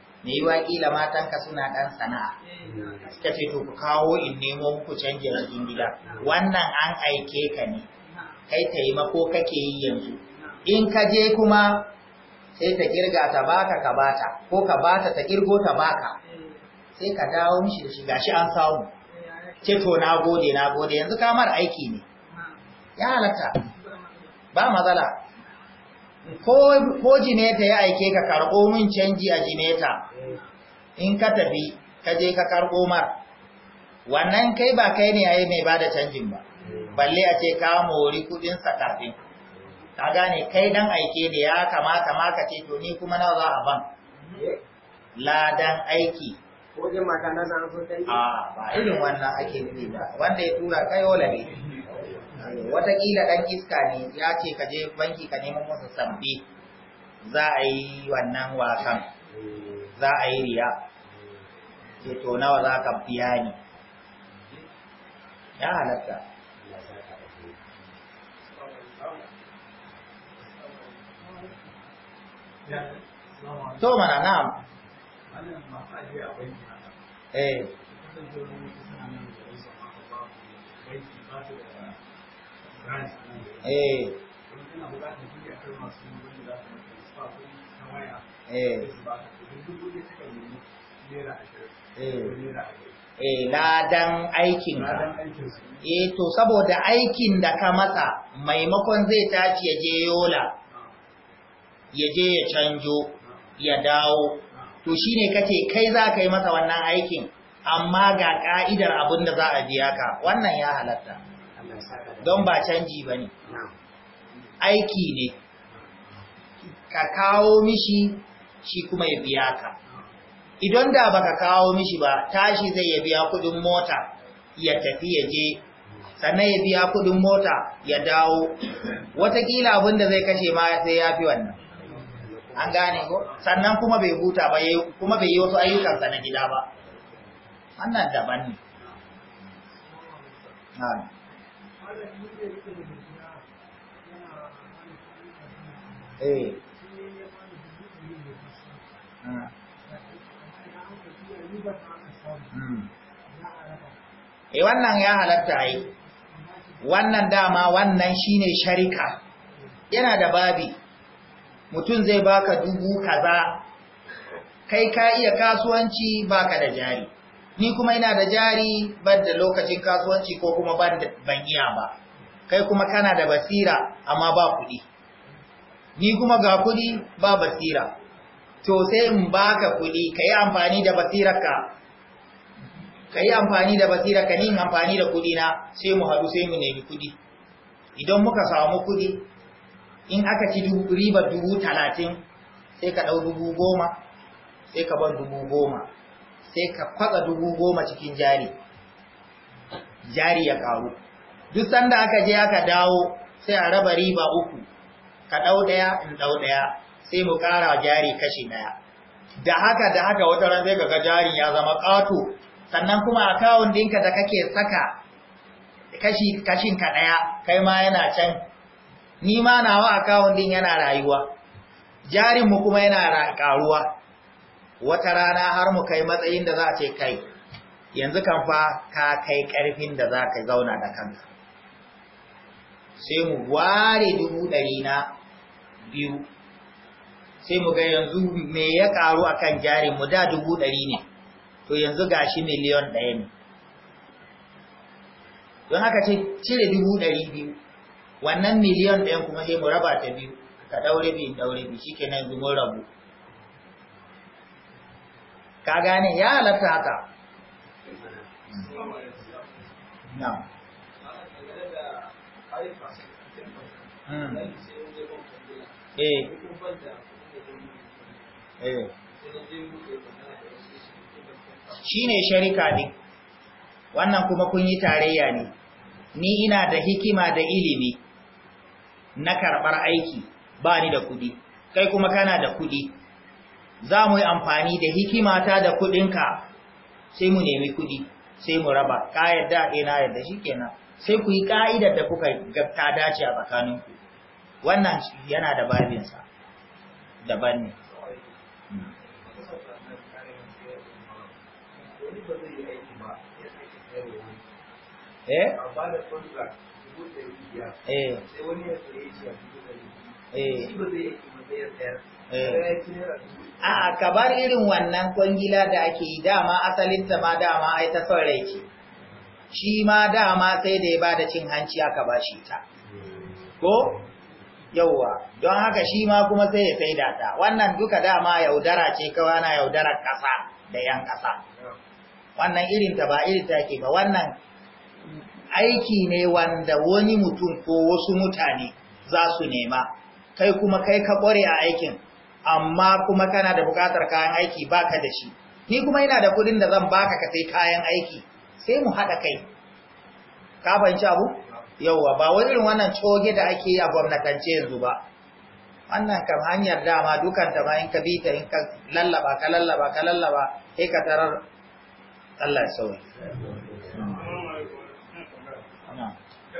me yi kila matanka suna dan sana'a suka ce to ku kawo in nemo ku canje cikin gida wannan an aike ka ne kai taimako kake yi yanzu in ka je kuma sai ta kirga ta baka ka bata ko ka bata ta kirgo ta baka sai ka dawo mishi da shi gashi an samu ce to na gode na gode yanzu kamar aiki ne ya halatta ba matsala ko jineta ya aike ka karɓo min canji a jineta in ka tafi ka je ka karɓo mar wannan kai ba kai ne yayi mai ba da canjin ba balle a ce ka mori kudin sa kafin ka gane kai dan aike ne ya kamata ma ka ce to ni kuma nawa za a ban eh. ladan aiki wajen mata na san sun dai a ba irin wannan ake nufi ba wanda ya tura kai wala ne watakila dan iska ne ya ce ka je banki ka nemo masa sabbi za a yi wannan wasan za a yi riya ce to nawa za ka biya ni ya halatta to mana na'am Eh. Eh. Eh. eh eh ladan aikin eh to saboda aikin da ka masa maimakon zai tashi ya je yola ya je ya canjo ya dawo to shi shine kace kai za ka yi masa wannan aikin amma ga ka'idar abin da za a biya ka wannan ya halatta don ba canji ba ne aiki ne ka kawo mishi shi kuma ya biya ka idan da baka kawo mishi ba tashi zai ya biya kudin mota ya tafi ya je sannan ya biya kudin mota ya dawo watakila abin da zai kashe ma sai ya fi wannan an gane ko sannan kuma bai huta ba kuma bai yi wasu ayyukansa na gida ba wannan daban ne Eh. Hmm. Hmm. Eh wannan ya halatta ai. Wannan dama wannan shine sharika. Yana da babi mutum zai baka dubu kaza kai ka iya kasuwanci baka da jari ni kuma ina da jari ban da lokacin kasuwanci ko kuma ban iya ba kai kuma kana da basira amma ba kuɗi ni kuma ga kuɗi ba basira to sai in baka kuɗi ka yi amfani da basiraka ka amfani da ni amfani da kuɗi na sai mu haɗu sai mu nemi kuɗi idan muka samu kuɗi in aka ci ribar dubu talatin sai ka ɗau dubu goma sai ka bar dubu goma sai ka faɗa dubu goma cikin jari jari ya ƙaru duk sanda aka je aka dawo sai a raba riba uku ka ɗau ɗaya in ɗau ɗaya sai mu ƙara jari kashi ɗaya da haka da haka wata ran zai ga jarin ya zama ƙato sannan kuma akawun ɗinka da kake saka kashin ka ɗaya kai ma yana can ni ma nawa akawun din yana rayuwa jarinmu kuma yana karuwa wata rana har mu kai matsayin da za a ce kai yanzu kan fa ka kai karfin da za ka zauna da kanka sai mu ware dubu ɗari na biyu sai mu ga yanzu me ya karu a kan jarinmu da dubu ɗari ne to yanzu gashi miliyon ɗaya ne don haka ce cire dubu ɗari biyu wannan miliyan ɗayan kuma sai mu raba ta biyu ka ɗaure biyu ɗaure biyu shi kenan yanzu mun rabu ka gane ya halatta haka hmm. eh. Eh. shi ne sharika ne wannan kuma kun yi tarayya ne ni ina da hikima da ilimi na karɓar aiki ba ni da kuɗi kai kuma kana da kuɗi za mu yi amfani da hikimata da kuɗinka sai mu nemi kuɗi sai mu raba ka yadda ina eh, yadda shi kenan sai ku yi ƙa'idar da kuka ta dace a tsakaninku wannan yana da babinsa daban ne hmm. eh? Eh. Eh. Eh. a ka bar irin wannan kwangila da ake yi dama asalinta ma dama ai ta son rai ce shi ma dama sai da ya ba da cin hanci aka ba shi ta ko yauwa don haka shi ma kuma sai ya saida ta wannan duka dama yaudara ce kawai na yaudarar ƙasa da 'yan ƙasa wannan irin ta ba irin ta ke ba wannan aiki ne wanda wani mutum ko wasu mutane za su nema kai kuma kai ka kware a aikin amma kuma kana da bukatar kayan aiki baka da shi ni kuma ina da kudin da zan baka ka sai kayan aiki sai mu haɗa kai ka fahimci abu yauwa ba wani irin wannan coge da ake yi a gwamnatance yanzu ba wannan kan hanyar dama dukan ta ma in ka bi ta in ka lallaba ka lallaba ka lallaba sai ka tarar Allah ya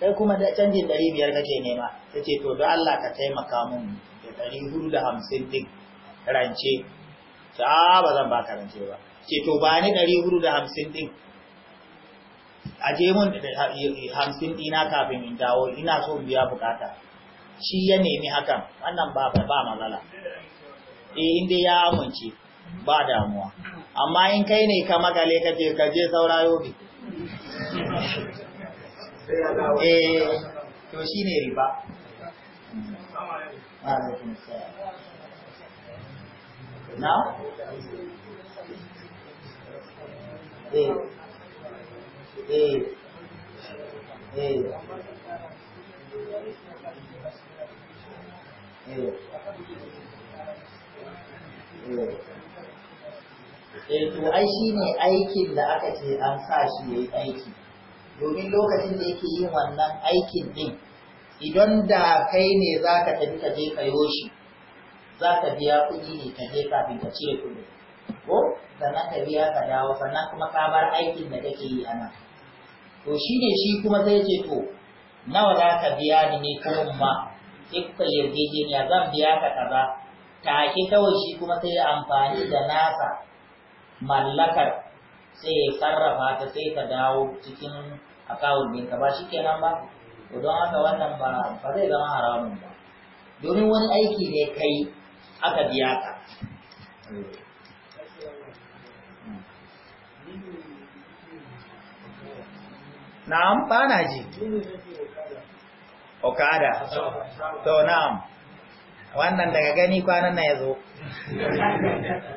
kai kuma da canjin ɗari biyar kake nema ta ce to don Allah ka taimaka mun da ɗari hudu da hamsin ɗin rance ta ba zan baka rance ba ce to ba ni ɗari hudu da hamsin ɗin a je mun hamsin ɗina kafin in dawo ina so in biya bukata shi ya nemi hakan wannan ba ba matsala eh inda ya amince ba damuwa amma in kai ne ka magale ka je ka je saura bi eh to riba na eh, eh eh eh Eh to ai shine aikin da aka ce an sa shi yayi aiki domin lokacin da yake yin wannan aikin din idan da kai ne za ka tafi ka je ka yoshi za ka biya kuɗi ne ka je kafin ka cire kuɗi ko sannan ka biya ka dawo sannan kuma ka bar aikin da kake yi ana to shi ne shi kuma zai ce to nawa za ka biya ni ne ko ma sai kuka yarjejeniya zan biya ka kaza take kawai shi kuma sai amfani da nasa mallakar sai ya sarrafa ta sai ka dawo cikin akawun ɗinka ba shi kenan ba to don haka wannan ba ba zai zama haramun ba domin wani aiki ne kai aka biya ka na'am ba na ji okada to na'am wannan daga gani kwanan na ya zo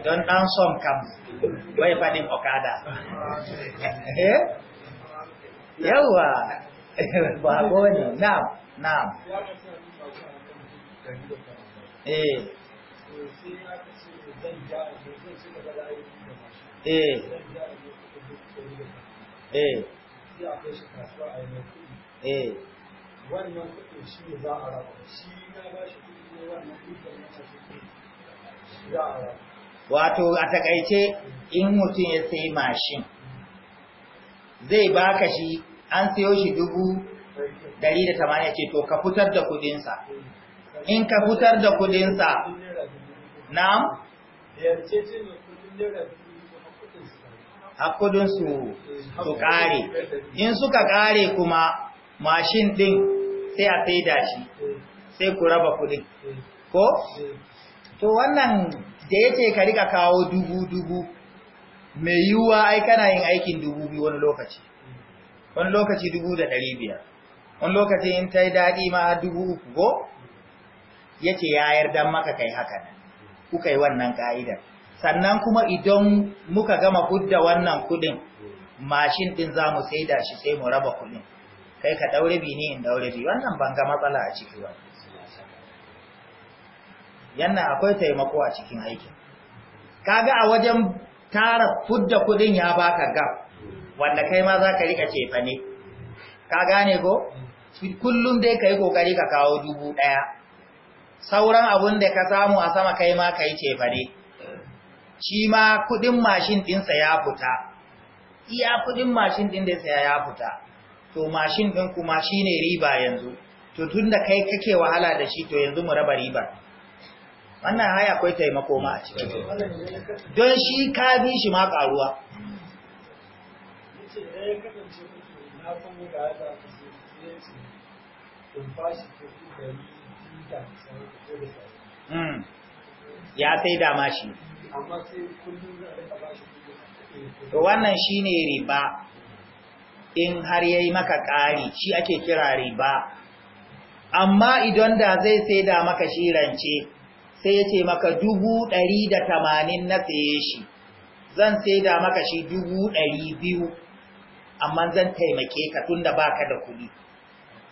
don ɗan son kam bai faɗin okada eh? yawa ba ne na'am na'am eh, eh. eh. wannan shi za a shi na ba shi wato a takaice in mutum ya sai mashin zai baka shi an sayo shi dubu dari da tamani ce to ka fitar da kudinsa in ka fitar da kudinsa na'am hakudinsu su kare in suka ƙare kuma mashin ɗin sai a sai shi sai ku raba kuɗin ko to wannan da yace ka rika kawo dubu dubu mai yiwuwa ai kana yin aikin dubu biyu wani lokaci wani lokaci dubu da ɗari biyar wani lokaci in ta yi daɗi ma dubu uku go? ya ce ya yarda maka kai haka nan kuka yi wannan ka'idar sannan kuma idan muka gama gudda wannan kudin mashin ɗin za mu sai da shi sai mu raba kudin kai ka daure bi ne in daure bi wannan ban ga matsala a ciki ba yanna akwai taimako a cikin aikin kaga a wajen tara fudda kudin ya baka ga, wanda kai ma zaka rika cefa ne ka gane ko kullum dai kai kokari ka kawo dubu ɗaya. sauran abun da ka samu a sama kai ma kai cefa ne shi ma kudin mashin ɗinsa ya fita iya kudin mashin din da ya fita to mashin din kuma shine riba yanzu to tunda kai kake wahala da shi to yanzu mu raba ribar wannan haya akwai taimako ma a cikin don shi ka bi shi ma karuwa hmm. ya sai dama shi to wannan shine riba in har yayi maka ƙari shi ake kira riba amma idan da zai sai da maka shi rance sai ya ce maka dubu ɗari da tamanin na saye shi zan sai da maka shi dubu ɗari biyu amma zan taimake ka tun da baka da kuɗi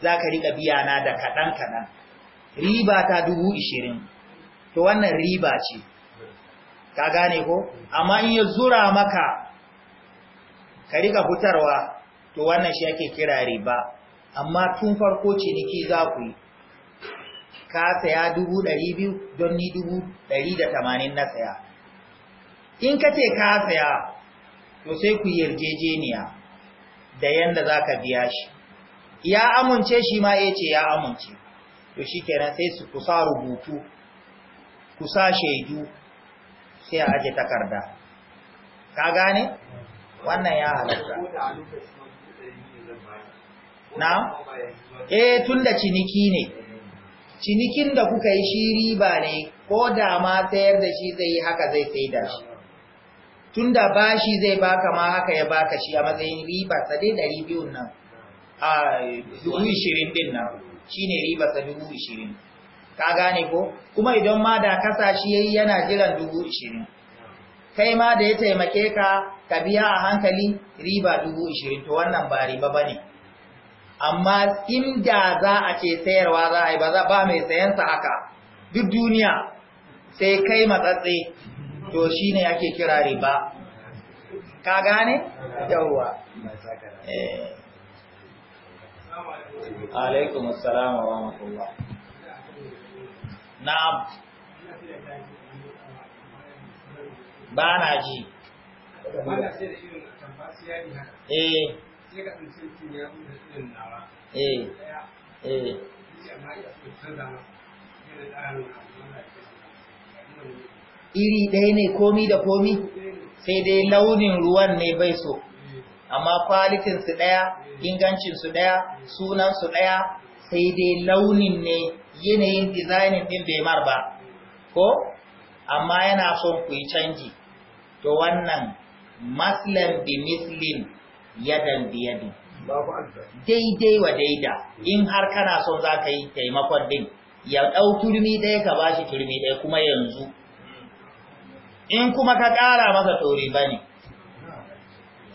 za ka riƙa biya na da kaɗan kaɗan riba ta dubu ishirin to wannan riba ce ka gane ko amma in ya zura maka ka riƙa fitarwa to wannan shi ake kira riba amma tun farko ciniki za ku yi ka saya dubu ɗari biyu don ni dubu ɗari da tamanin na saya in ka ce ka saya to sai ku yarjejeniya da yanda za ka biya shi ya amince shi ma ya ce ya amince to shi kenan sai su kusa rubutu kusa shaidu sai a aje takarda ka gane wannan ya halatta na eh tunda ciniki ne cinikin da kuka yi shi riba ne ko da ma sayar da shi zai yi haka zai sai da shi tunda bashi zai baka ma haka ya baka shi a matsayin riba ta dai ɗari biyun nan a dubu ishirin din nan shine riba ta dubu ishirin ka gane ko kuma idan ma da kasa shi yayi yana jiran dubu ishirin kai ma da ya taimake ka ka biya a hankali riba dubu ishirin to wannan ba riba bane amma inda za a ce sayarwa za a yi ba za ba mai sayansa haka duk duniya sai kai matsatse to shi ne ake kira riba ka gane? yawwa eh. alaikum assalam wa rahmatullah na'am ba na ji eh Eh, eh. iri ɗaya ne komi da komi sai dai launin ruwan ne bai so eh. amma kwalitinsu ɗaya ingancinsu ɗaya sunansu ɗaya sai dai launin ne yanayin dizainin ɗin bai mar ba ko amma yana son ku yi canji to wannan maslan bi mislin yadan yadi. daidai wa daida in har kana son za ka yi taimakon din ya ɗau turmi ɗaya ka ba shi turmi ɗaya kuma yanzu in kuma ka ƙara masa tori ba ne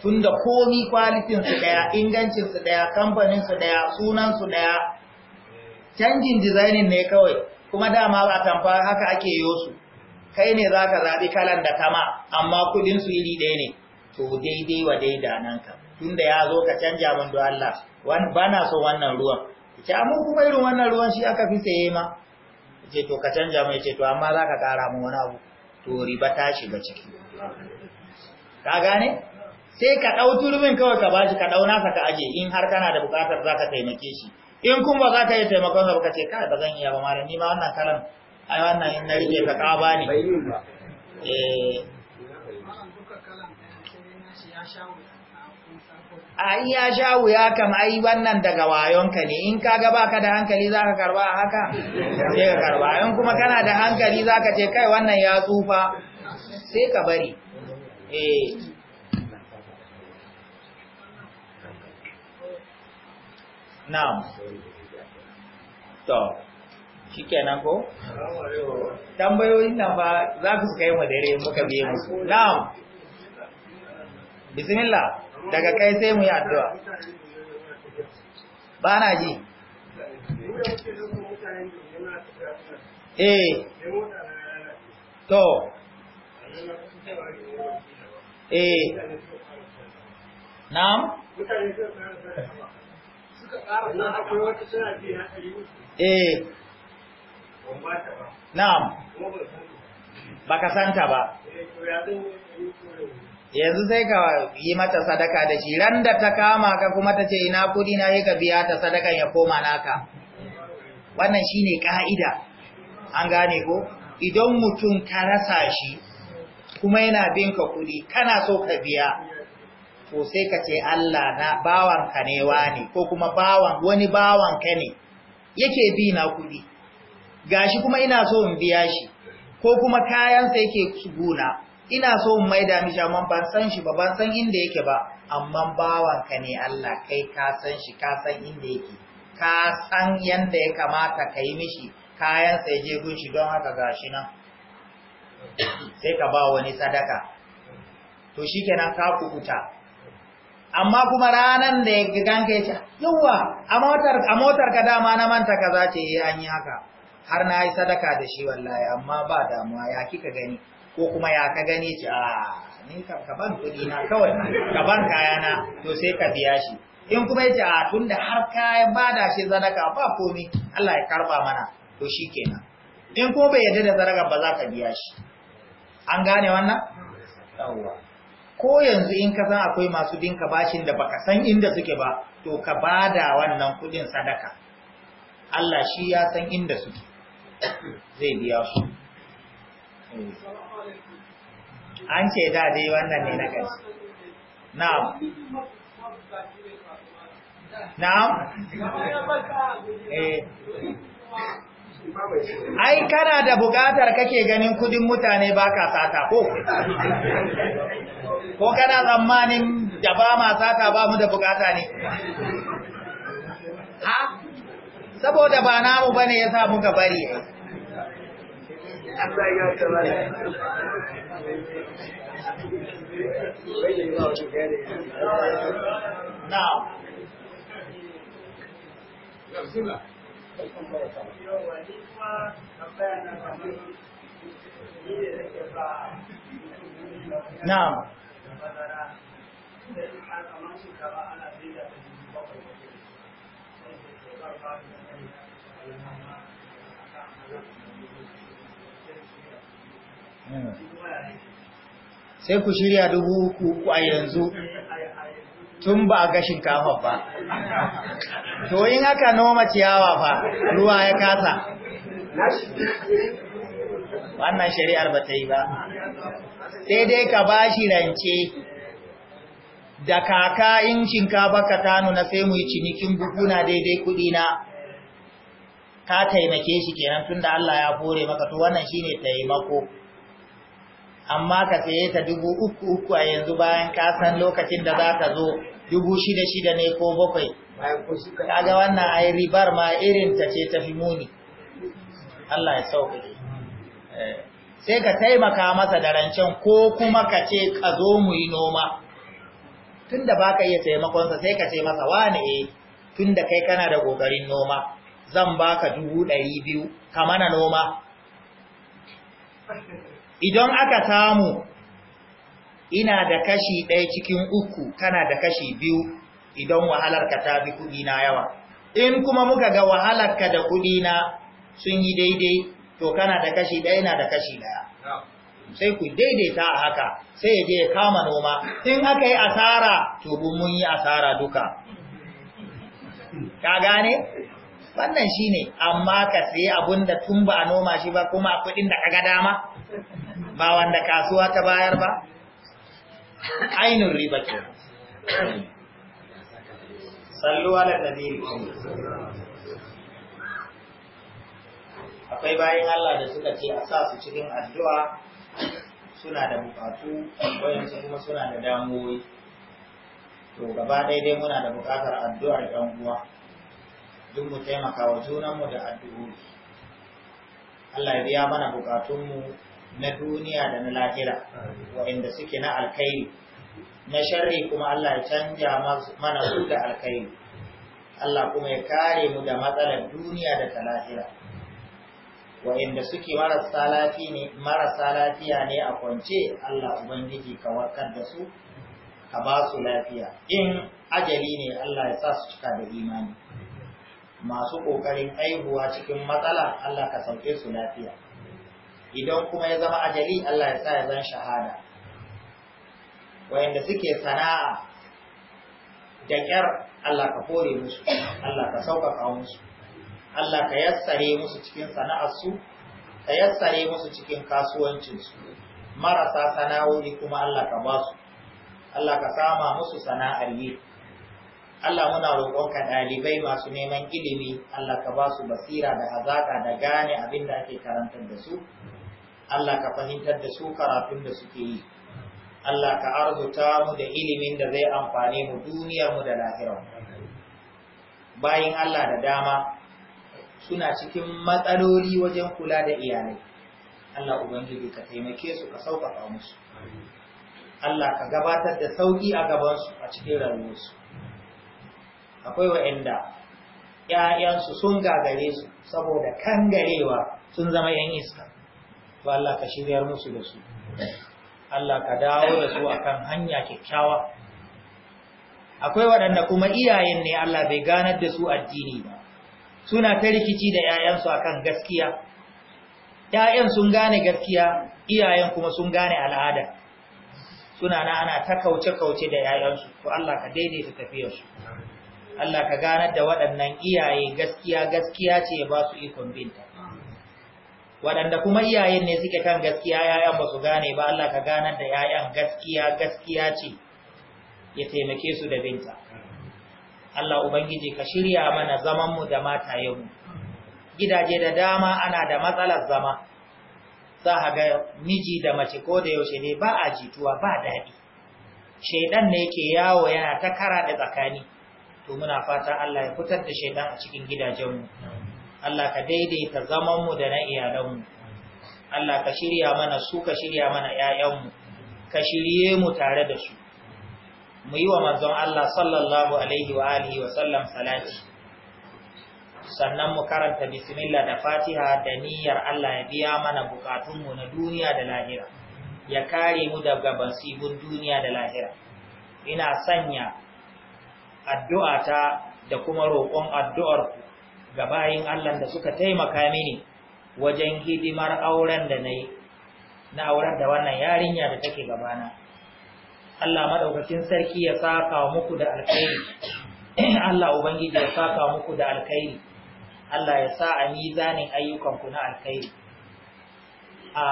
tun da komi kwalitinsu ɗaya ingancinsu ɗaya kamfaninsu ɗaya sunansu ɗaya canjin dizainin ne kawai kuma dama ba tamfa haka ake yi su, kai ne za ka zaɓi kalan da kama amma kuɗinsu iri ɗaya ne to daidai wa daida nan kama. tunda ya zo ka canja min don Allah ba na so wannan ruwan ce amma ah, kuma irin wannan ruwan shi aka fi saye ma ce to ka canja mai ce to amma za ka ƙara mu wani abu to riba ta shiga ciki ka gane sai ka ɗau turmin kawai ka bashi ka ɗau nasa ka aje in har kana da bukatar za ka taimake shi in kun ba za ka yi taimakon ka ce kai ba zan iya ba mara ni ma wannan kalan ai wannan in na rike ka bani. ni eh a ya sha wuya kam ai wannan daga wayonka ne in kaga baka da hankali zaka karba haka sai ka karba in kuma kana da hankali zaka ce kai wannan ya tsufa sai ka bari eh. na'am to kenan ko tambayoyin nan ba za ku kai madare dare muka biye musu na'am bismillah daga kai sai mu yi addu'a ba na ji eh to eh nam eh na'am baka santa ba yanzu sai ka yi mata sadaka da shi ran da ta kama ka kuma ta ce ina kudi na yi ka biya ta sadakan ya koma naka wannan shine ka'ida an gane ko idan mutum ka rasa shi kuma yana bin ka kudi kana so ka biya to sai ka ce Allah na bawan ka ne wani ko kuma bawan wani bawan ka ne yake bi na kudi gashi kuma ina so in biya shi ko kuma kayansa yake guna ina so in maida mishi amma ban san shi ba ban san inda yake ba amma bawanka ne Allah kai ka san shi ka san inda yake ka san yanda ya kamata ka yi mishi kayan sai je shi don haka gashi nan sai ka ba wani sadaka to shikenan ka kubuta amma kuma ranan da ya ganka ya ce yawa a motar a motar ka dama na manta kaza ce an yi haka har na yi sadaka da shi wallahi amma ba damuwa ya kika gani ko kuma ya ka gani ci a ah, ni ka ban kuɗi na kawai kaban kayana kaya na to sai ka biya shi in kuma yace a ah, tunda har ba bada shi sadaka ba komai Allah ya karba mana to shikenan in ko bai yarda da sadaka ba za ka biya shi an gane wannan yawa ko yanzu in ka san akwai masu dinka bashin da baka san inda suke ba to ka bada wannan kuɗin sadaka Allah shi ya san inda suke zai biya su an ce da dai wannan ne na gaji na'am na'am eh ai kana da bukatar kake ganin kudin mutane baka sata ko ko kana tsammanin da ba ma sata ba mu da bukata ne ha saboda ba namu bane yasa muka bari eh. Allah ya ba Now. Bismillah. Now. Thank you. sai ku shirya dubu uku a yanzu tun ba a ga shinkafa ba to in aka noma ciyawa fa ruwa ya kasa wannan shari'ar ba ta yi ba sai dai ka ba shi rance da kaka in shinkafa ka tanu na sai mu yi cinikin bukuna daidai na. ka taimake shi kenan tunda Allah ya bore maka to wannan shine taimako amma ka saye ta dubu uku uku a yanzu bayan ka san lokacin da za ka zo dubu shida shida ne ko bakwai kaga wannan yi ribar ma irin ta ce tafi muni Allah ya sauke eh, sai ka taimaka masa da rancen ko kuma ka ce ka zo mu yi noma tunda baka iya taimakonsa sai ka ce masa wane tun eh, tunda kai kana da ƙoƙarin noma zan baka dubu ɗari biyu ka mana noma idan aka samu ina da kashi ɗaya cikin uku kana da kashi biyu idan wahalarka ta kuɗi na yawa in kuma muka ga wahalar ka da kuɗi na sun yi daidai to kana da kashi ɗaya na da kashi ɗaya sai ku daidaita a haka sai ya je kama noma in aka yi asara to mun yi asara duka ka gane wannan shine amma ka sayi abun da tun ba a noma shi ba kuma kuɗin da ka ga dama ba wanda kasuwa ta bayar ba ainihin riba ke salluwa da dalili akwai bayan Allah da suka ce a sa su cikin addu'a suna da bukatu wayansu kuma suna da damuwoyi to gaba daidai muna da bukatar addu'ar ɗan uwa duk mu taimaka wa junanmu da addu'o'i Allah ya biya mana bukatunmu na duniya da na lahira waɗanda suke na alkhairi na sharri kuma Allah ya canja mana su da alkhairi Allah kuma ya kare mu da matsalar duniya da ta lahira waɗanda suke marasa lafiya ne marasa lafiya ne a kwance Allah ubangiji ka warkar da su ka ba su lafiya in ajali ne Allah ya sa su cika da imani masu ƙoƙarin aihuwa cikin matsala Allah ka sauke su lafiya idan kuma ya zama ajali Allah ya sa zan shahada wayanda suke sana'a da ƙyar Allah ka kore musu Allah ka sauƙaƙa musu Allah ka yassare musu cikin sana'arsu ka yassare musu cikin kasuwancinsu marasa sana'o'i kuma Allah ka basu, Allah ka sama musu sana'ar yi Allah muna roƙonka ɗalibai masu neman ilimi Allah ka basu basira da hazaƙa da gane abin da ake karantar da su Allah ka fahimtar da su karatun da suke yi Allah ka arzuta mu da ilimin da zai amfane mu duniyar mu da lahirar bayin Allah da dama suna cikin matsaloli wajen kula da iyalai Allah ubangiji ka taimake su ka sauƙaƙa musu Allah ka gabatar da sauƙi a gabansu a cikin rayuwarsu akwai wa'anda ‘ya'yansu sun gagare su saboda kangarewa sun zama ‘yan iska to Allah ka shiryar musu da su Allah ka dawo da su akan hanya kyakkyawa akwai waɗanda kuma iyayen ne Allah bai ganar da su addini ba suna ta rikici da ƴaƴansu akan gaskiya ƴaƴan sun gane gaskiya iyayen kuma sun gane al'ada suna na ana ta kauce-kauce da ƴaƴansu to Allah ka daidaita su. Allah ka ganar da waɗannan iyaye gaskiya gaskiya ce ya ba su ikon binta waɗanda kuma iyayen ne suke kan gaskiya yayan ba su gane ba Allah ka ganar da yayan gaskiya gaskiya ce ya taimake su da binta Allah ubangiji ka shirya mana zaman mu da matayenmu gidaje da dama ana da matsalar zama za a ga miji da mace ko da yaushe ne ba a jituwa ba daɗi shaidan ne yake yawo yana ta kara da tsakani to muna fata Allah ya fitar da shaidan a cikin gidajenmu Allah ka daidaita zamanmu da na iyalanmu Allah ka shirya mana su ka shirya mana ‘ya'yanmu ka shirye mu tare da su mu yi wa manzon Allah sallallahu alaihi wa alihi wa sallam salati sannan mu karanta bismillah da fatiha da niyyar Allah ya biya mana bukatunmu na duniya da lahira ya kare mu daga basibun duniya da lahira ina sanya addu'ata da kuma roƙon addu'arku ga bayin Allah da suka taimaka mini wajen hidimar auren da na yi na auren da wannan yarinya da take gabana Allah madaukakin sarki ya saka muku da alkhairi Allah ubangiji ya saka muku da alkhairi Allah ya sa a ayyukan ayyukanku na alkhairi a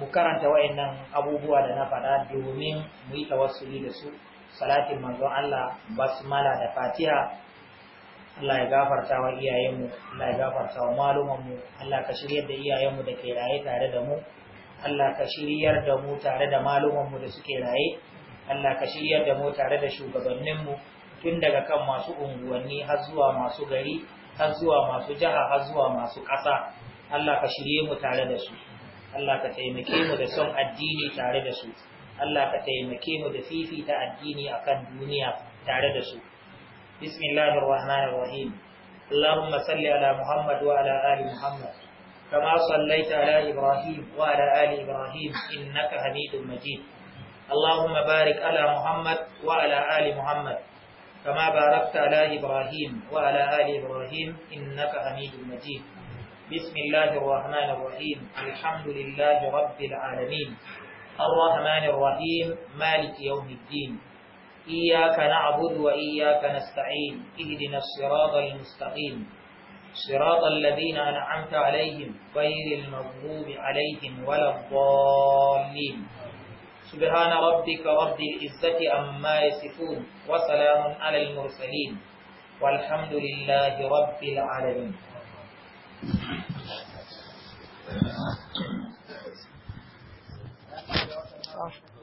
mu karanta wa'annan abubuwa da na faɗa domin mu yi tawassuli da su salatin manzon Allah basmala da fatiha Allah ya gafarta wa iyayenmu Allah ya gafarta wa malumanmu Allah ka shiryar da iyayenmu da ke raye tare da mu Allah ka shiryar da mu tare da malumanmu da suke raye Allah ka shiryar da mu tare da shugabanninmu tun daga kan masu unguwanni har zuwa masu gari har zuwa masu jiha har zuwa masu ƙasa Allah ka shirye mu tare da su Allah ka taimake mu da son addini tare da su Allah ka taimake mu da fifita addini akan duniya tare da su بسم الله الرحمن الرحيم اللهم صل على محمد وعلى آل محمد كما صليت على إبراهيم وعلى آل إبراهيم إنك حميد مجيد اللهم بارك على محمد وعلى آل محمد كما باركت على إبراهيم وعلى آل إبراهيم إنك حميد مجيد بسم الله الرحمن الرحيم الحمد لله رب العالمين الرحمن الرحيم مالك يوم الدين إياك نعبد وإياك نستعين اهدنا الصراط المستقيم صراط الذين أنعمت عليهم غير المغضوب عليهم ولا الضالين سبحان ربك رب العزة أما يصفون وسلام على المرسلين والحمد لله رب العالمين Thank you.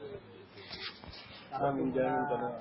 Amin. Jami'in